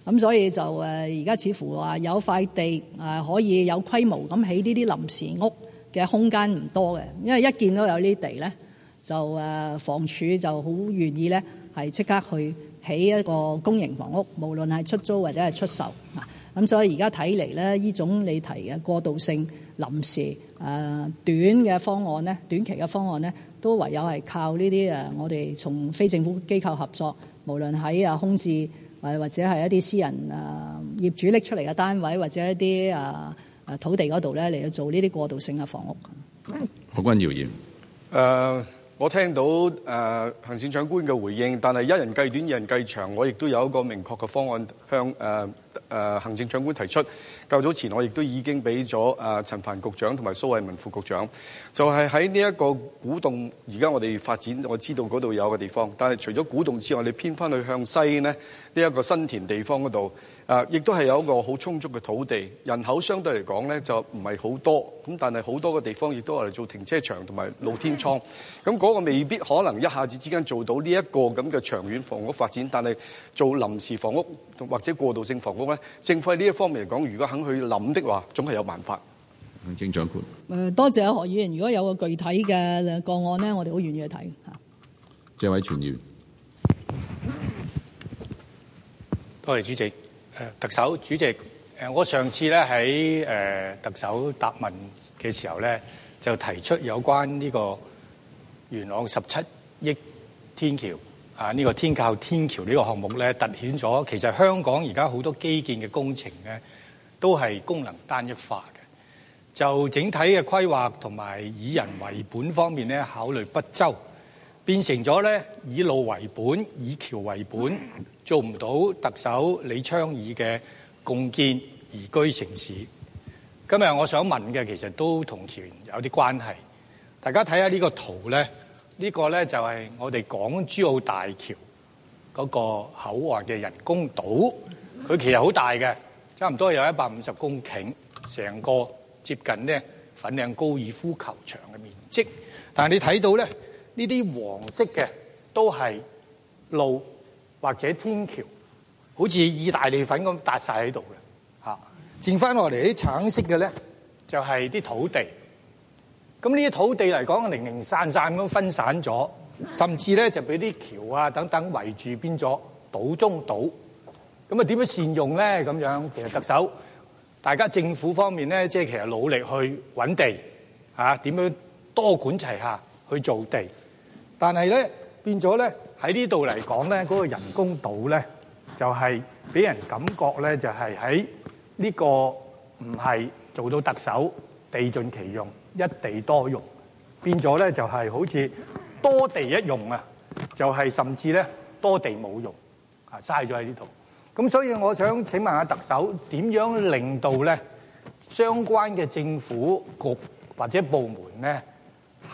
咁所以就誒而家似乎話有塊地誒可以有規模咁起呢啲臨時屋嘅空間唔多嘅，因為一見到有呢地咧，就誒房署就好願意咧。係即刻去起一個公營房屋，無論係出租或者係出售啊！咁所以而家睇嚟咧，呢種你提嘅過渡性、臨時、誒短嘅方案咧，短期嘅方案咧，都唯有係靠呢啲誒，我哋從非政府機構合作，無論喺啊空置，誒或者係一啲私人誒業主拎出嚟嘅單位，或者一啲誒誒土地嗰度咧，嚟去做呢啲過渡性嘅房屋。何君堯議員。誒、uh...。我聽到誒、呃、行政長官嘅回應，但係一人計短，一人計長，我亦都有一個明確嘅方案向誒、呃呃、行政長官提出。較早前我亦都已經俾咗誒陳帆局長同埋蘇偉文副局長，就係喺呢一個古洞，而家我哋發展我知道嗰度有個地方，但係除咗古洞之外，你偏翻去向西呢，呢、這、一個新田地方嗰度。誒，亦都係有一個好充足嘅土地，人口相對嚟講咧就唔係好多，咁但係好多嘅地方亦都係做停車場同埋露天倉，咁嗰個未必可能一下子之間做到呢一個咁嘅長遠房屋發展，但係做臨時房屋或者過渡性房屋咧，政府喺呢一方面嚟講，如果肯去諗的話，總係有辦法。行政長官誒，多謝何議員，如果有個具體嘅個案咧，我哋好願意去睇。啊，謝偉銓議員，多謝主席。特首主席，誒，我上次咧喺誒特首答問嘅時候咧，就提出有關呢個元朗十七億天橋啊，呢個天橋天橋呢個項目咧，突顯咗其實香港而家好多基建嘅工程咧，都係功能單一化嘅，就整體嘅規劃同埋以人為本方面咧，考慮不周。變成咗咧，以路為本，以橋為本，做唔到特首李昌義嘅共建宜居城市。今日我想問嘅，其實都同橋有啲關係。大家睇下呢個圖咧，呢、這個咧就係我哋港珠澳大橋嗰個口岸嘅人工島，佢其實好大嘅，差唔多有一百五十公頃，成個接近呢粉嶺高爾夫球場嘅面積。但係你睇到咧。呢啲黃色嘅都係路或者天橋，好似意大利粉咁搭晒喺度嘅嚇。剩翻落嚟啲橙色嘅咧，就係啲土地。咁呢啲土地嚟講，零零散散咁分散咗，甚至咧就俾啲橋啊等等圍住變咗島中島。咁啊點樣善用咧？咁樣其實特首，大家政府方面咧，即係其實努力去揾地嚇，點樣多管齊下去做地，但係咧，變咗咧，喺呢度嚟講咧，嗰個人工島咧，就係俾人感覺咧，就係喺呢個唔係做到特首地盡其用、一地多用，變咗咧，就係好似多地一用啊，就係甚至咧多地冇用啊，嘥咗喺呢度。咁所以我想請問下特首，點樣令到咧相關嘅政府局或者部門咧？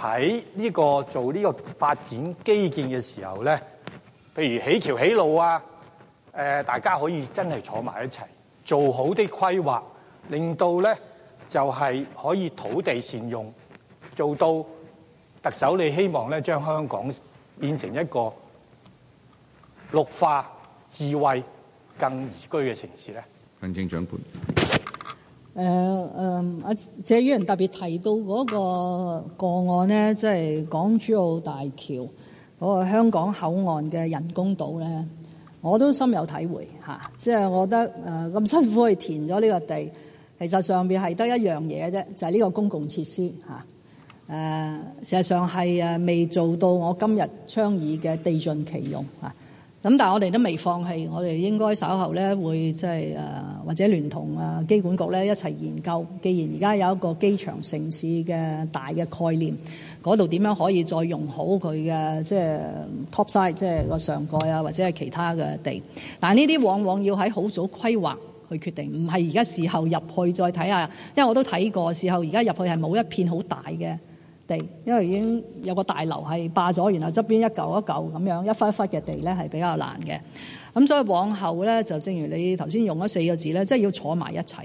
喺呢個做呢個發展基建嘅時候咧，譬如起橋起路啊，誒大家可以真係坐埋一齊，做好啲規劃，令到咧就係可以土地善用，做到特首你希望咧將香港變成一個綠化、智慧、更宜居嘅城市咧。行政長官。誒、嗯、誒，阿謝宇人特別提到嗰個個案咧，即、就、係、是、港珠澳大橋嗰、那個香港口岸嘅人工島咧，我都深有體會嚇。即、啊、係、就是、我覺得誒咁、啊、辛苦去填咗呢個地，其實上邊係得一樣嘢啫，就係、是、呢個公共設施嚇。誒、啊，事實上係誒未做到我今日倡議嘅地盡其用嚇。啊咁但係我哋都未放棄，我哋應該稍後咧會即係誒或者聯同誒機管局咧一齊研究。既然而家有一個機場城市嘅大嘅概念，嗰度點樣可以再用好佢嘅即係 topside，即係個上蓋啊或者係其他嘅地。但係呢啲往往要喺好早規劃去決定，唔係而家事後入去再睇下。因為我都睇過，事後而家入去係冇一片好大嘅地，因為已經有個大樓係霸咗，然後側邊一嚿一嚿咁樣一忽一忽嘅地咧，係比較難嘅。咁所以往後咧，就正如你頭先用咗四個字咧，即係要坐埋一齊，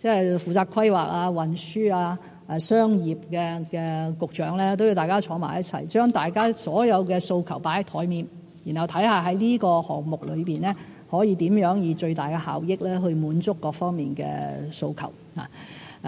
即係負責規劃啊、運輸啊、誒商業嘅嘅局長咧，都要大家坐埋一齊，將大家所有嘅訴求擺喺台面，然後睇下喺呢個項目裏邊咧，可以點樣以最大嘅效益咧去滿足各方面嘅訴求啊！誒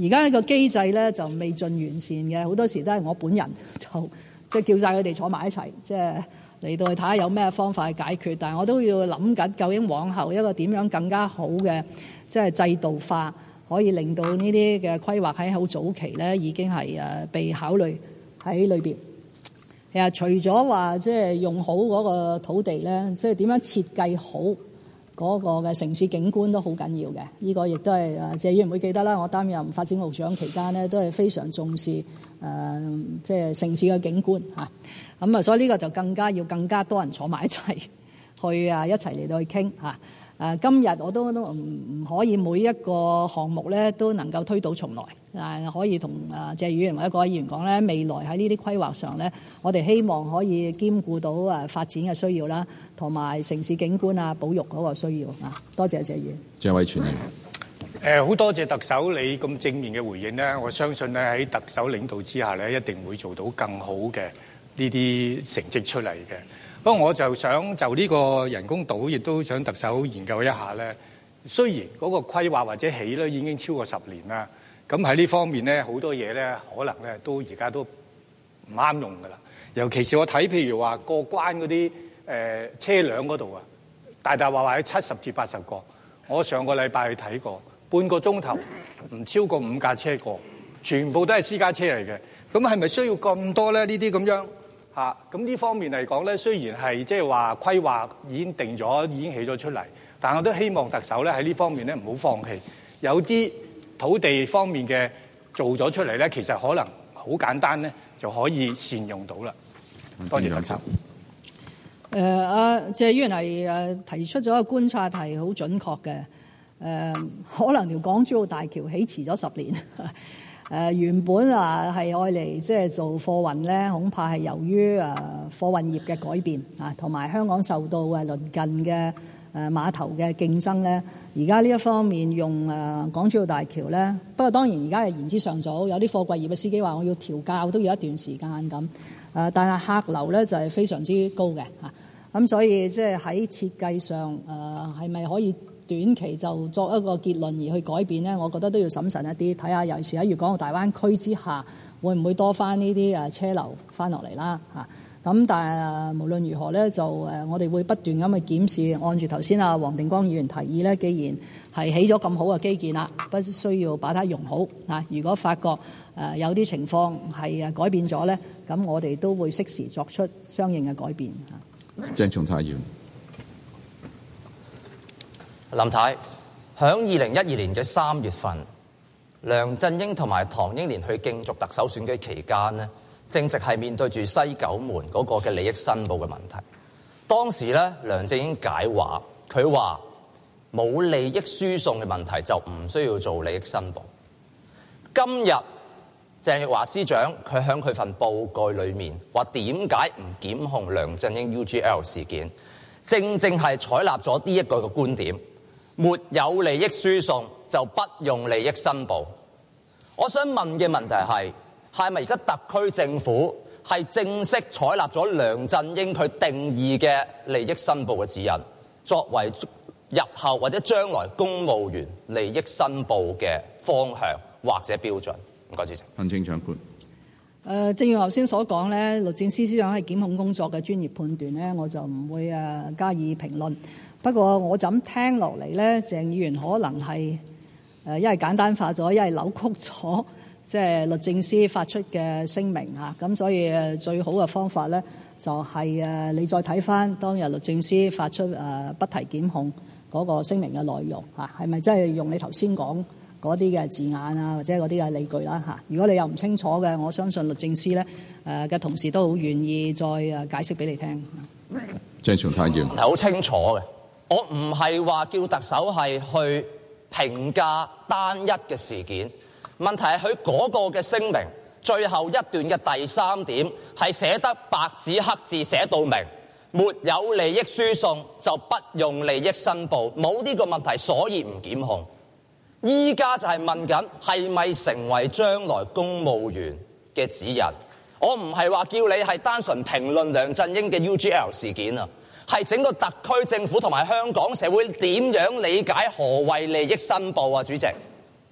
而家呢個機制咧就未盡完善嘅，好多時都係我本人就即係叫晒佢哋坐埋一齊，即係嚟到去睇下有咩方法去解決。但係我都要諗緊究竟往後一個點樣更加好嘅，即係制度化，可以令到呢啲嘅規劃喺好早期咧已經係被考慮喺裏面。其實除咗話即係用好嗰個土地咧，即係點樣設計好？嗰、那個嘅城市景觀都好緊要嘅，呢、這個亦都係謝議員會記得啦。我擔任發展局長期間咧，都係非常重視誒，即、呃、係、就是、城市嘅景觀嚇咁啊，所以呢個就更加要更加多人坐埋一齊去，一去啊，一齊嚟到去傾嚇。今日我都都唔唔可以每一個項目咧都能夠推倒重來，啊，可以同誒謝議員或者各位議員講咧，未來喺呢啲規劃上咧，我哋希望可以兼顧到誒發展嘅需要啦。同埋城市景觀啊，保育嗰個需要啊，多謝謝偉銓議員，好多謝特首你咁正面嘅回應咧。我相信咧喺特首領導之下咧，一定會做到更好嘅呢啲成績出嚟嘅。不過我就想就呢個人工島，亦都想特首研究一下咧。雖然嗰個規劃或者起咧已經超過十年啦，咁喺呢方面咧好多嘢咧，可能咧都而家都唔啱用噶啦。尤其是我睇譬如話過關嗰啲。誒，車輛嗰度啊，大大話話喺七十至八十個，我上個禮拜去睇過，半個鐘頭唔超過五架車過，全部都係私家車嚟嘅。咁係咪需要咁多咧？呢啲咁樣吓，咁呢方面嚟講咧，雖然係即係話規劃已經定咗，已經起咗出嚟，但我都希望特首咧喺呢方面咧唔好放棄。有啲土地方面嘅做咗出嚟咧，其實可能好簡單咧，就可以善用到啦。多謝梁生。誒、呃、謝議員係提出咗個觀察係好準確嘅，誒、呃、可能條港珠澳大橋起遲咗十年，誒、呃、原本啊係愛嚟即係做貨運咧，恐怕係由於誒貨運業嘅改變啊，同埋香港受到誒鄰近嘅。誒碼頭嘅競爭咧，而家呢一方面用誒港珠澳大橋咧，不過當然而家係言之尚早，有啲貨櫃業嘅司機話我要調教都要一段時間咁，誒但係客流咧就係非常之高嘅嚇，咁所以即係喺設計上誒係咪可以短期就作一個結論而去改變咧？我覺得都要審慎一啲，睇下尤其是喺粵港澳大灣區之下，會唔會多翻呢啲誒車流翻落嚟啦嚇。咁但係無論如何咧，就我哋會不斷咁去檢視，按住頭先啊，黃定光議員提議咧，既然係起咗咁好嘅基建啦，不需要把它用好。如果發覺有啲情況係改變咗咧，咁我哋都會適時作出相應嘅改變嚇。鄭松泰議員，林太響二零一二年嘅三月份，梁振英同埋唐英年去競逐特首選舉期間呢。正直係面對住西九門嗰個嘅利益申報嘅問題。當時咧，梁振英解話，佢話冇利益輸送嘅問題就唔需要做利益申報。今日鄭玉華司長佢喺佢份報告裏面話點解唔檢控梁振英 UGL 事件，正正係採納咗呢一句嘅觀點。沒有利益輸送就不用利益申報。我想問嘅問題係。係咪而家特區政府係正式採納咗梁振英佢定義嘅利益申報嘅指引，作為日後或者將來公務員利益申報嘅方向或者標準？唔該，主席。行政長官，誒，正如頭先所講咧，律政司司長喺檢控工作嘅專業判斷咧，我就唔會誒加以評論。不過我就咁聽落嚟咧，鄭議員可能係誒一係簡單化咗，一係扭曲咗。即係律政司發出嘅聲明啊，咁所以最好嘅方法咧，就係誒你再睇翻當日律政司發出誒不提檢控嗰個聲明嘅內容嚇，係咪真係用你頭先講嗰啲嘅字眼啊，或者嗰啲嘅理據啦嚇？如果你又唔清楚嘅，我相信律政司咧誒嘅同事都好願意再誒解釋俾你聽。鄭松泰議員，係好清楚嘅，我唔係話叫特首係去評價單一嘅事件。問題係佢嗰個嘅聲明最後一段嘅第三點係寫得白紙黑字寫到明，沒有利益輸送就不用利益申報，冇呢個問題所以唔檢控。依家就係問緊係咪成為將來公務員嘅指引？我唔係話叫你係單純評論梁振英嘅 UGL 事件啊，係整個特區政府同埋香港社會點樣理解何為利益申報啊？主席。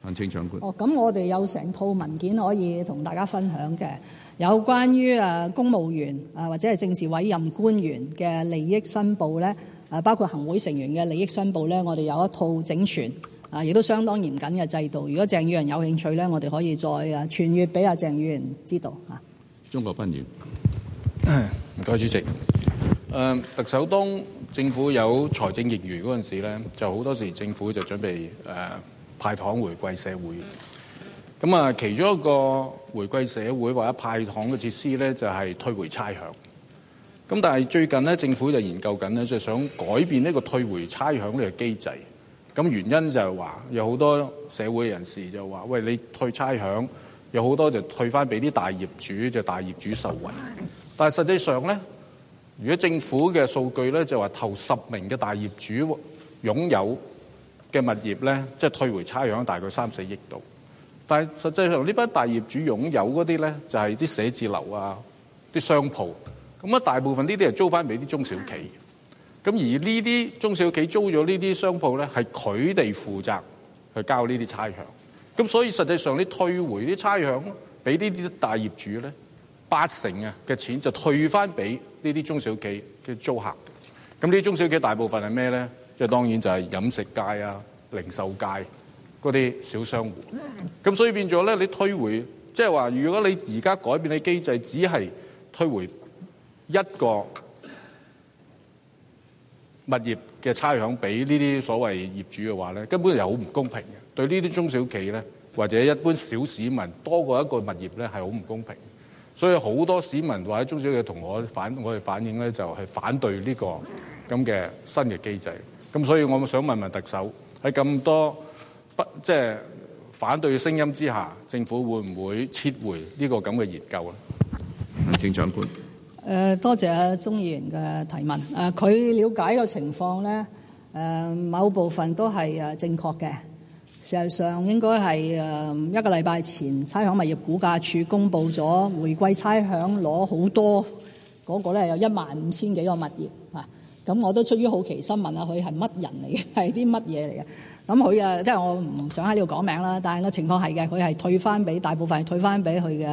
行政長官。哦，咁我哋有成套文件可以同大家分享嘅，有關於啊公務員啊或者係政治委任官員嘅利益申報咧，啊包括行會成員嘅利益申報咧，我哋有一套整全啊，亦都相當嚴謹嘅制度。如果鄭議員有興趣咧，我哋可以再啊傳閱俾阿鄭議員知道吓。鍾國斌議員。唔、啊、該，主席。誒、呃，特首當政府有財政盈餘嗰陣時咧，就好多時政府就準備誒。呃派糖回歸社會，咁啊，其中一個回歸社會或者派糖嘅設施咧，就係退回差餉。咁但係最近咧，政府就研究緊咧，就想改變呢個退回差餉呢個機制。咁原因就係話有好多社會人士就話，喂，你退差餉，有好多就退翻俾啲大業主，就大業主受惠。但係實際上咧，如果政府嘅數據咧，就話頭十名嘅大業主擁有嘅物業咧，即係退回差餉大概三四億度，但係實際上呢班大業主擁有嗰啲咧，就係啲寫字樓啊，啲商鋪，咁啊大部分呢啲係租翻俾啲中小企，咁而呢啲中小企租咗呢啲商鋪咧，係佢哋負責去交呢啲差餉，咁所以實際上你退回啲差餉俾呢啲大業主咧，八成啊嘅錢就退翻俾呢啲中小企嘅租客，咁呢啲中小企大部分係咩咧？即係當然就係飲食界啊、零售界嗰啲小商戶，咁所以變咗咧，你推回即係話，即係話如果你而家改變嘅機制，只係推回一個物業嘅差餉俾呢啲所謂業主嘅話咧，根本就好唔公平嘅。對呢啲中小企咧，或者一般小市民多過一個物業咧，係好唔公平。所以好多市民或者中小企同我反，我哋反映咧就係反對呢個咁嘅新嘅機制。咁所以我想問問特首喺咁多不即係、就是、反對聲音之下，政府會唔會撤回呢個咁嘅研究啊？行政長官，誒，多謝啊，鍾議員嘅提問。誒，佢了解個情況咧，誒某部分都係誒正確嘅。事實上應該係誒一個禮拜前，差餉物業估價署公布咗回歸差餉攞好多嗰、那個咧，有一萬五千幾個物業。咁我都出於好奇心問下佢係乜人嚟嘅，係啲乜嘢嚟嘅。咁佢啊，即係我唔想喺呢度講名啦。但係個情況係嘅，佢係退翻俾大部分，退翻俾佢嘅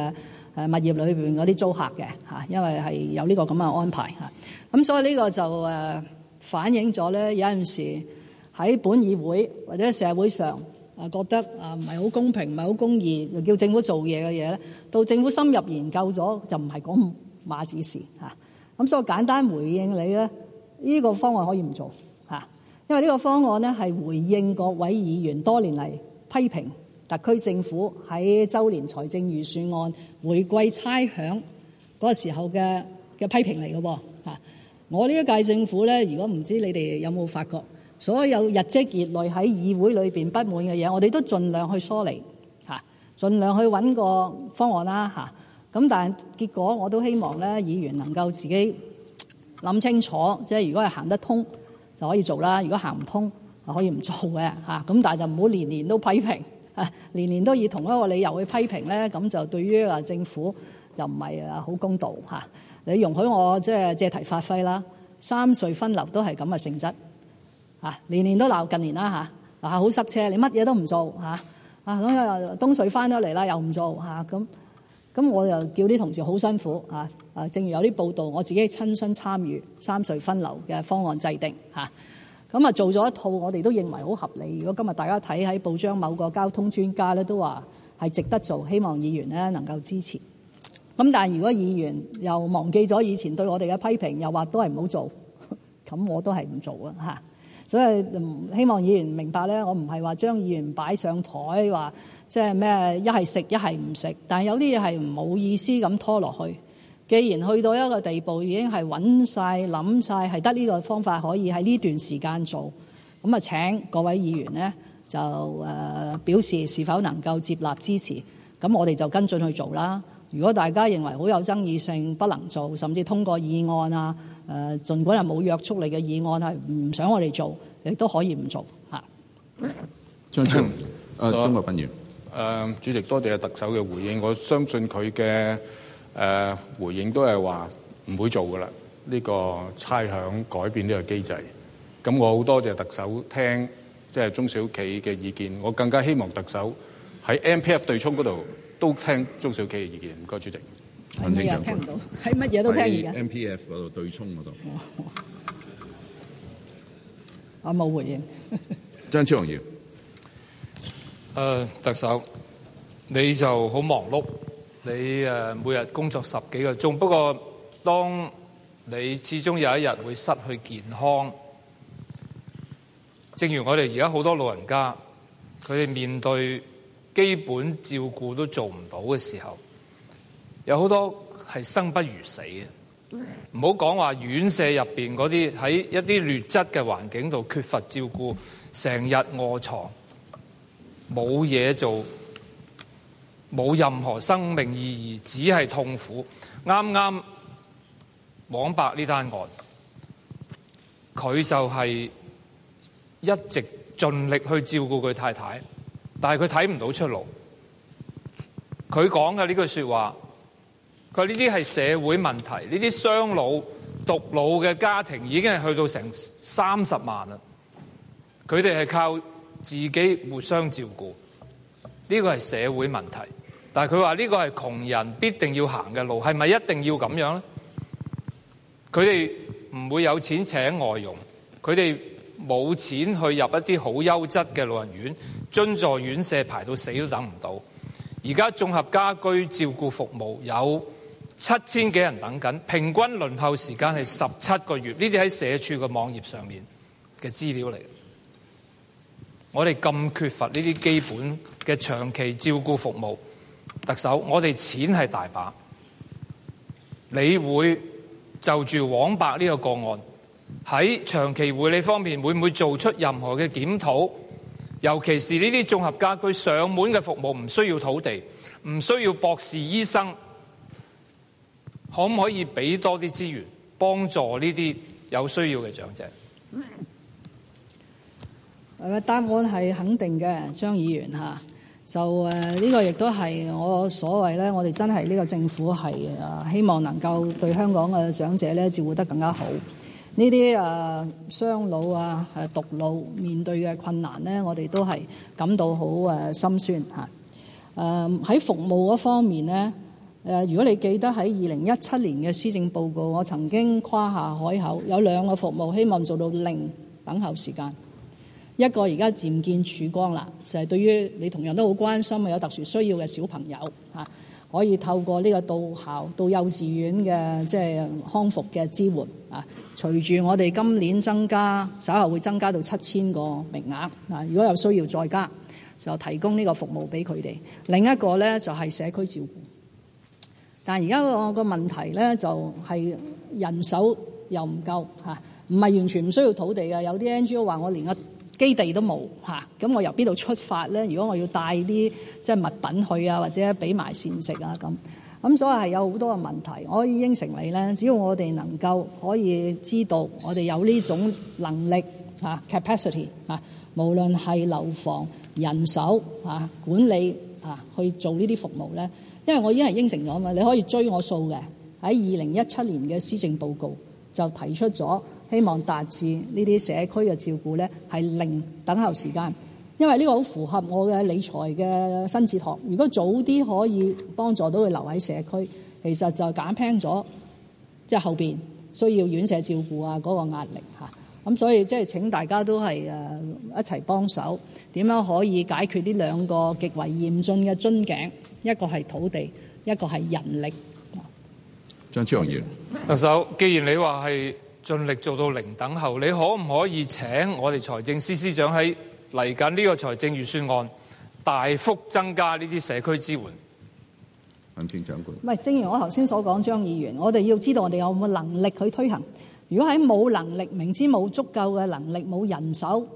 誒物業裏面嗰啲租客嘅嚇，因為係有呢個咁嘅安排嚇。咁所以呢個就誒反映咗咧，有陣時喺本議會或者社會上啊覺得啊唔係好公平，唔係好公義，就叫政府做嘢嘅嘢咧，到政府深入研究咗就唔係講馬子事嚇。咁所以我簡單回應你咧。呢個方案可以唔做嚇，因為呢個方案呢，係回應各位議員多年嚟批評特區政府喺周年財政預算案回歸差餉嗰個時候嘅嘅批評嚟嘅喎。我呢一屆政府呢，如果唔知你哋有冇發覺，所有日積月累喺議會裏邊不滿嘅嘢，我哋都盡量去梳理嚇，盡量去揾個方案啦嚇。咁但係結果我都希望呢，議員能夠自己。諗清楚，即係如果係行得通就可以做啦；如果行唔通，就可以唔做嘅嚇。咁但係就唔好年年都批評，年年都以同一個理由去批評咧。咁就對於啊政府又唔係啊好公道嚇。你容許我即係借題發揮啦。三隧分流都係咁嘅性質嚇，年年都鬧近年啦吓，啊好塞車，你乜嘢都唔做嚇啊咁啊東隧翻咗嚟啦又唔做嚇咁，咁我又叫啲同事好辛苦嚇。啊！正如有啲報道，我自己親身參與三隧分流嘅方案制定嚇，咁啊做咗一套，我哋都認為好合理。如果今日大家睇喺報章，某個交通專家咧都話係值得做，希望議員咧能夠支持。咁但係如果議員又忘記咗以前對我哋嘅批評，又話都係唔好做，咁我都係唔做啊嚇。所以希望議員明白咧，我唔係話將議員擺上台話即係咩一係食，一係唔食，但有啲嘢係唔好意思咁拖落去。既然去到一個地步，已經係揾晒、諗晒，係得呢個方法可以喺呢段時間做，咁啊請各位議員呢就誒表示是否能夠接納支持，咁我哋就跟進去做啦。如果大家認為好有爭議性，不能做，甚至通過議案啊，誒儘管係冇約束力嘅議案，係唔想我哋做，亦都可以唔做嚇。張青、誒，中國品員、誒，主席，多謝特首嘅回應，我相信佢嘅。誒回應都係話唔會做噶啦，呢、呢個差響改變呢個機制。咁我好多謝特首聽即係中小企嘅意見，我更加希望特首喺 M P F 對沖嗰度都聽中小企嘅意見。唔該，主席。我聽唔到。喺乜嘢都聽唔到。M P F 嗰度對沖嗰度。我冇回應。 張超雄議員，誒、uh, 特首，你就好忙碌。你誒每日工作十幾個鐘，不過當你始終有一日會失去健康，正如我哋而家好多老人家，佢哋面對基本照顧都做唔到嘅時候，有好多係生不如死嘅。唔好講話院舍入面嗰啲喺一啲劣質嘅環境度缺乏照顧，成日臥床，冇嘢做。冇任何生命意義，只係痛苦。啱啱王伯呢單案，佢就係一直盡力去照顧佢太太，但係佢睇唔到出路。佢講嘅呢句說話，佢呢啲係社會問題。呢啲雙老獨老嘅家庭已經係去到成三十萬啦。佢哋係靠自己互相照顧，呢個係社會問題。但係佢話呢個係窮人必定要行嘅路，係咪一定要咁樣呢？佢哋唔會有錢請外傭，佢哋冇錢去入一啲好優質嘅老人院，津助院舍排到死都等唔到。而家綜合家居照顧服務有七千幾人等緊，平均輪候時間係十七個月。呢啲喺社署嘅網頁上面嘅資料嚟。我哋咁缺乏呢啲基本嘅長期照顧服務。特首，我哋錢係大把。你會就住黃伯呢個個案，喺長期護理方面，會唔會做出任何嘅檢討？尤其是呢啲綜合家居上門嘅服務，唔需要土地，唔需要博士醫生，可唔可以俾多啲資源幫助呢啲有需要嘅長者？答案係肯定嘅，張議員嚇？就誒呢個亦都係我的所謂咧，我哋真係呢個政府係誒，希望能夠對香港嘅長者咧照顧得更加好。呢啲誒雙老啊、獨老面對嘅困難咧，我哋都係感到好誒心酸嚇。誒喺服務嗰方面呢，誒如果你記得喺二零一七年嘅施政報告，我曾經誇下海口有兩個服務，希望做到零等候時間。一個而家漸見曙光啦，就係、是、對於你同樣都好關心、有特殊需要嘅小朋友可以透過呢個到校到幼稚園嘅即係康復嘅支援啊。隨住我哋今年增加，稍後會增加到七千個名額啊。如果有需要再加，就提供呢個服務俾佢哋。另一個咧就係社區照顧，但係而家我個問題咧就係人手又唔夠嚇，唔係完全唔需要土地嘅。有啲 NGO 話我連一基地都冇吓，咁我由邊度出發咧？如果我要帶啲即係物品去啊，或者俾埋膳食啊咁，咁所以係有好多嘅問題。我可以應承你咧，只要我哋能夠可以知道我哋有呢種能力啊 capacity 啊，無論係樓房人手啊管理啊去做呢啲服務咧，因為我已經係應承咗嘛，你可以追我數嘅。喺二零一七年嘅施政報告就提出咗。希望達至呢啲社區嘅照顧呢，係零等候時間。因為呢個好符合我嘅理財嘅新哲學。如果早啲可以幫助到佢留喺社區，其實就減輕咗即係後邊需要院舍照顧啊嗰、那個壓力嚇。咁所以即係請大家都係誒一齊幫手，點樣可以解決呢兩個極為嚴峻嘅樽頸？一個係土地，一個係人力。張超雄議員，特首，既然你話係。盡力做到零等候，你可唔可以請我哋財政司司長喺嚟緊呢個財政預算案大幅增加呢啲社區支援？行政長官，唔係，正如我頭先所講，張議員，我哋要知道我哋有冇能力去推行。如果喺冇能力、明知冇足夠嘅能力、冇人手，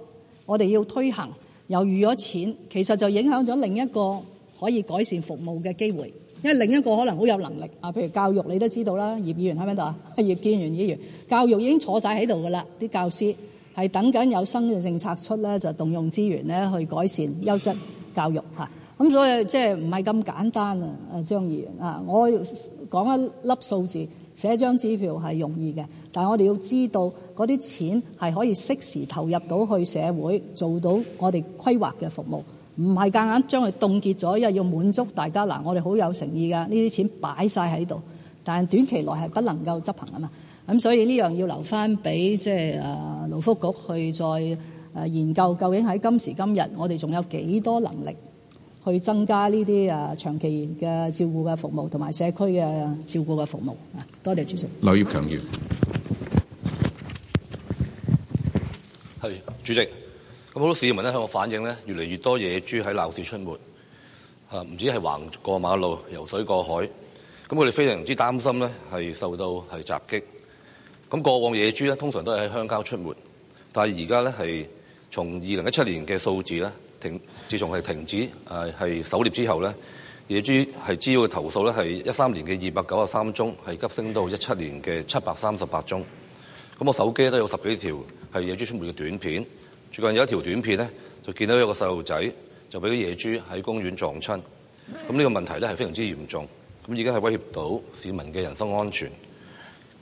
我哋要推行又預咗錢，其實就影響咗另一個可以改善服務嘅機會。因為另一個可能好有能力啊，譬如教育你都知道啦，葉議員喺邊度啊？葉建源議員，教育已經坐晒喺度噶啦，啲教師係等緊有新嘅政策出咧，就動用資源咧去改善優質教育嚇。咁所以即係唔係咁簡單啊？啊張議員啊，我講一粒數字寫一張支票係容易嘅，但係我哋要知道嗰啲錢係可以適時投入到去社會，做到我哋規劃嘅服務。唔係夾硬將佢凍結咗，因為要滿足大家嗱、啊，我哋好有誠意噶，呢啲錢擺晒喺度，但係短期內係不能夠執行啊嘛。咁所以呢樣要留翻俾即係誒勞福局去再誒研究，究竟喺今時今日我哋仲有幾多能力去增加呢啲誒長期嘅照顧嘅服務同埋社區嘅照顧嘅服務啊？多謝主席。劉業強議員，係主席。咁好多市民咧向我反映咧，越嚟越多野豬喺鬧市出沒，嚇，唔止係橫過馬路、游水過海，咁佢哋非常之擔心咧，係受到係襲擊。咁過往野豬咧，通常都係喺鄉郊出沒，但係而家咧係從二零一七年嘅數字咧停，自從係停止誒係狩獵之後咧，野豬係主要嘅投訴咧係一三年嘅二百九十三宗，係急升到一七年嘅七百三十八宗。咁我手機都有十幾條係野豬出沒嘅短片。最近有一條短片咧，就見到一個細路仔就俾野豬喺公園撞親。咁呢個問題咧係非常之嚴重，咁而家係威脅到市民嘅人身安全。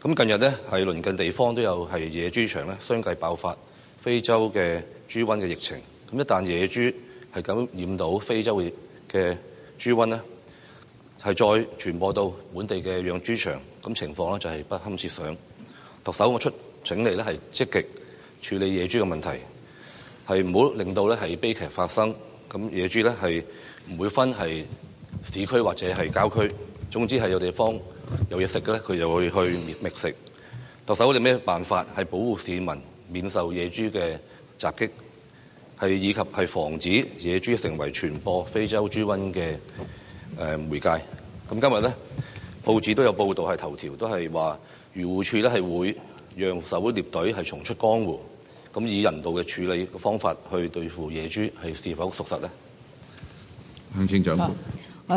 咁近日咧係鄰近地方都有係野豬場咧相繼爆發非洲嘅豬瘟嘅疫情。咁一旦野豬係感染到非洲嘅豬瘟咧，係再傳播到本地嘅養豬場，咁情況咧就係不堪設想。特首我出請你咧係積極處理野豬嘅問題。係唔好令到咧係悲劇發生，咁野豬咧係唔會分係市區或者係郊區，總之係有地方有嘢食嘅咧，佢就會去覓食。特首有啲咩辦法係保護市民免受野豬嘅襲擊，係以及係防止野豬成為傳播非洲豬瘟嘅誒媒介？咁今日咧報紙都有報道係頭條，都係話漁護署咧係會讓狩獵隊係重出江湖。咁以人道嘅處理嘅方法去對付野豬係是否屬實咧？行政長官、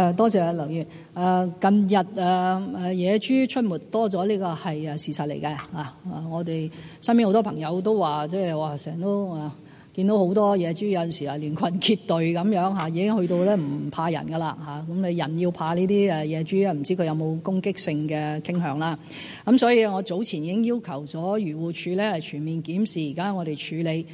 啊，多謝阿梁議員。誒近日誒誒、啊、野豬出沒多咗，呢個係誒事實嚟嘅。啊啊，我哋身邊好多朋友都話，即係話成日都啊。見到好多野豬，有陣時啊，連群結隊咁樣嚇，已經去到咧唔怕人噶啦嚇。咁你人要怕呢啲野豬啊？唔知佢有冇攻擊性嘅傾向啦。咁所以我早前已經要求咗漁護署咧，係全面檢視而家我哋處理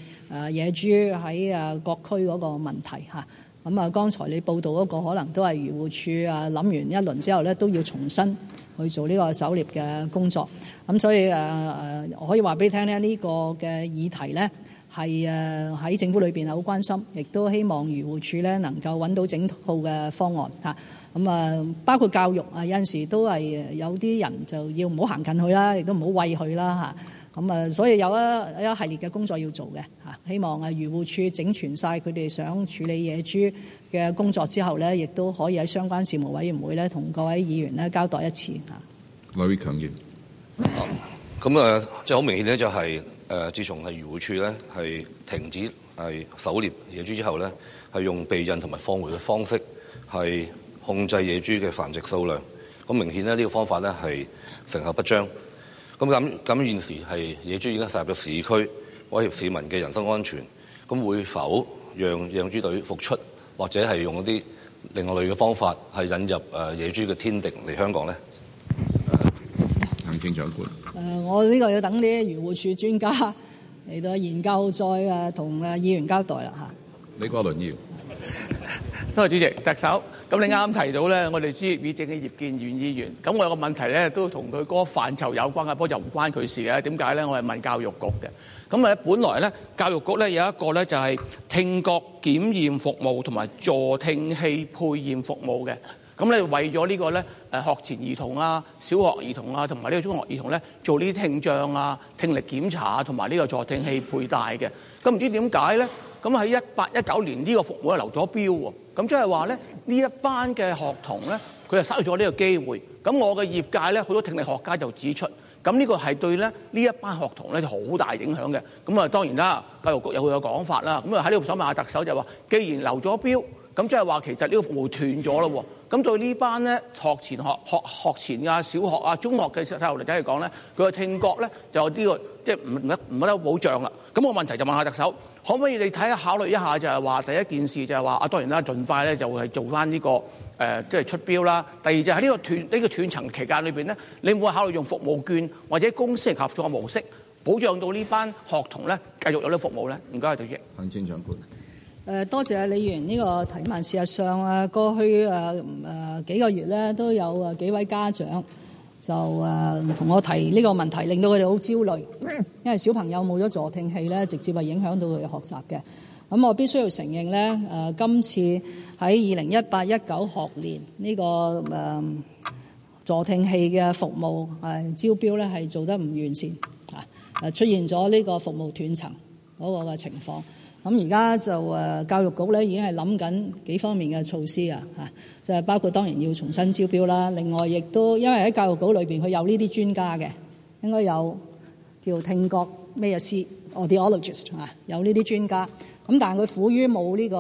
野豬喺各區嗰個問題嚇。咁啊，剛才你報道嗰個可能都係漁護署啊，諗完一輪之後咧，都要重新去做呢個狩獵嘅工作。咁所以誒誒，可以話俾你聽咧，呢個嘅議題咧。係誒喺政府裏邊，係好關心，亦都希望漁護署咧能夠揾到整套嘅方案嚇。咁啊，包括教育啊，有陣時都係有啲人就要唔好行近佢啦，亦都唔好餵佢啦嚇。咁啊，所以有一一系列嘅工作要做嘅嚇。希望啊漁護署整全晒佢哋想處理野豬嘅工作之後咧，亦都可以喺相關事務委員會咧同各位議員咧交代一次嚇。劉強議，咁誒，即好明顯咧、就係，就係。誒，自從係漁護處咧係停止係狩獵野豬之後咧，係用避孕同埋放回嘅方式係控制野豬嘅繁殖數量。咁明顯咧，呢個方法咧係成效不彰。咁咁咁，現時係野豬已經殺入咗市區，威脅市民嘅人身安全。咁會否讓野豬隊復出，或者係用一啲另外一類嘅方法係引入野豬嘅天敵嚟香港咧？政長官，誒，我呢個要等啲漁護署專家嚟到研究，再誒同誒議員交代啦嚇。李國麟議員，多謝主席。特首，咁你啱啱提到咧，我哋專業議政嘅葉建源議員，咁我有個問題咧，都同佢嗰個範疇有關啊，不過就唔關佢事嘅。點解咧？我係問教育局嘅。咁啊，本來咧，教育局咧有一個咧，就係聽覺檢驗服務同埋助聽器配驗服務嘅。咁咧為咗呢個咧誒學前兒童啊、小學兒童啊同埋呢個中學兒童咧做呢啲聽障啊、聽力檢查啊同埋呢個助聽器佩戴嘅，咁唔知點解咧？咁喺一八一九年呢個服務流咗標喎，咁即係話咧呢一班嘅學童咧佢就失去咗呢個機會。咁我嘅業界咧好多聽力學家就指出，咁呢個係對咧呢一班學童咧好大影響嘅。咁啊當然啦，教育局有佢嘅講法啦。咁啊喺呢度想問下特首就話，既然流咗標，咁即係話其實呢個服務斷咗咯喎？咁對呢班咧學前學學學前啊、小學啊、中學嘅細路嚟睇嚟講咧，佢嘅聽覺咧就有啲個即係唔唔唔得保障啦。咁我問題就問下特首，可唔可以你睇考慮一下，就係話第一件事就係話啊，當然啦，盡快咧就係做翻呢個即係出標啦。第二就係呢個斷呢個斷層期間裏邊咧，你會唔會考慮用服務券或者公私合作模式保障到呢班學童咧繼續有啲服務咧？唔該啊，主席。行政長官。誒多謝李源呢個提問。事實上啊，過去誒誒幾個月咧，都有誒幾位家長就誒同我提呢個問題，令到佢哋好焦慮，因為小朋友冇咗助聽器咧，直接係影響到佢嘅學習嘅。咁我必須要承認咧，誒今次喺二零一八一九學年呢個誒助聽器嘅服務誒招標咧，係做得唔完善嚇，誒出現咗呢個服務斷層嗰個嘅情況。咁而家就誒教育局咧已經係諗緊幾方面嘅措施啊，嚇就係包括當然要重新招標啦。另外亦都因為喺教育局裏邊，佢有呢啲專家嘅，應該有叫聽覺咩師 audiologist 嚇，有呢啲專家。咁但係佢苦於冇呢個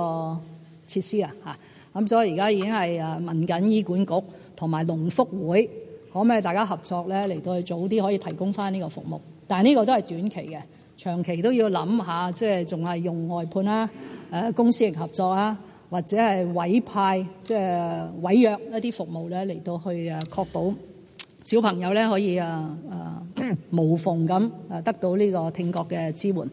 設施啊，嚇咁所以而家已經係誒問緊醫管局同埋農福會，可唔可以大家合作咧嚟到去早啲可以提供翻呢個服務？但係呢個都係短期嘅。長期都要諗下，即係仲係用外判啦，公司嚟合作啊，或者係委派，即係委約一啲服務咧，嚟到去誒確保小朋友咧可以誒誒無縫咁得到呢個聽覺嘅支援。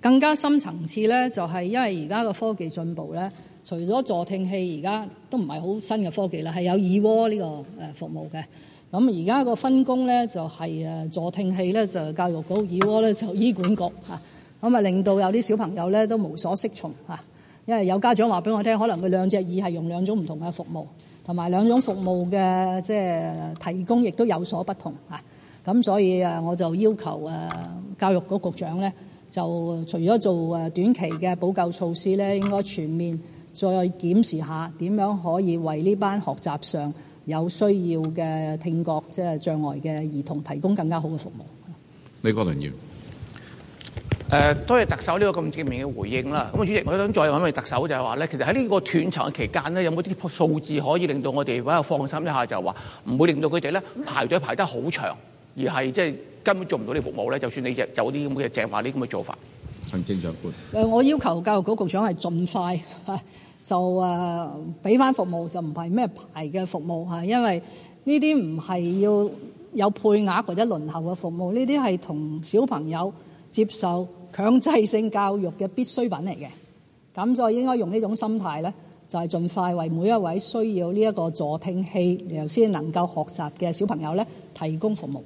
更加深層次咧，就係因為而家個科技進步咧，除咗助聽器，而家都唔係好新嘅科技啦，係有耳蝸呢個服務嘅。咁而家個分工咧就係誒助聽器咧就教育局，耳蝸咧就醫管局吓，咁啊令到有啲小朋友咧都無所適從吓，因為有家長話俾我聽，可能佢兩隻耳係用兩種唔同嘅服務，同埋兩種服務嘅即係提供亦都有所不同吓。咁所以我就要求誒教育局局長咧，就除咗做短期嘅補救措施咧，應該全面再檢視下點樣可以為呢班學習上。有需要嘅聽覺即係障礙嘅兒童，提供更加好嘅服務。李國麟議員，誒多謝特首呢個咁正面嘅回應啦。咁主席，我想再問一問特首，就係話咧，其實喺呢個斷層嘅期間咧，有冇啲數字可以令到我哋喺度放心一下，就話唔會令到佢哋咧排隊排得好長，而係即係根本做唔到啲服務咧？就算你有啲咁嘅正話，呢啲咁嘅做法。行政長官誒，我要求教育局局長係盡快嚇。就誒俾翻服務，就唔係咩牌嘅服務嚇，因為呢啲唔係要有配額或者輪候嘅服務，呢啲係同小朋友接受強制性教育嘅必需品嚟嘅。咁就應該用呢種心態咧，就係盡快為每一位需要呢一個助聽器，然後先能夠學習嘅小朋友咧，提供服務。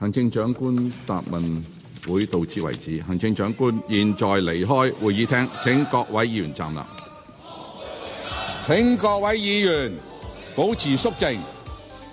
行政長官答問。會到此為止。行政長官現在離開會議廳，請各位議員站立。請各位議員保持肅靜。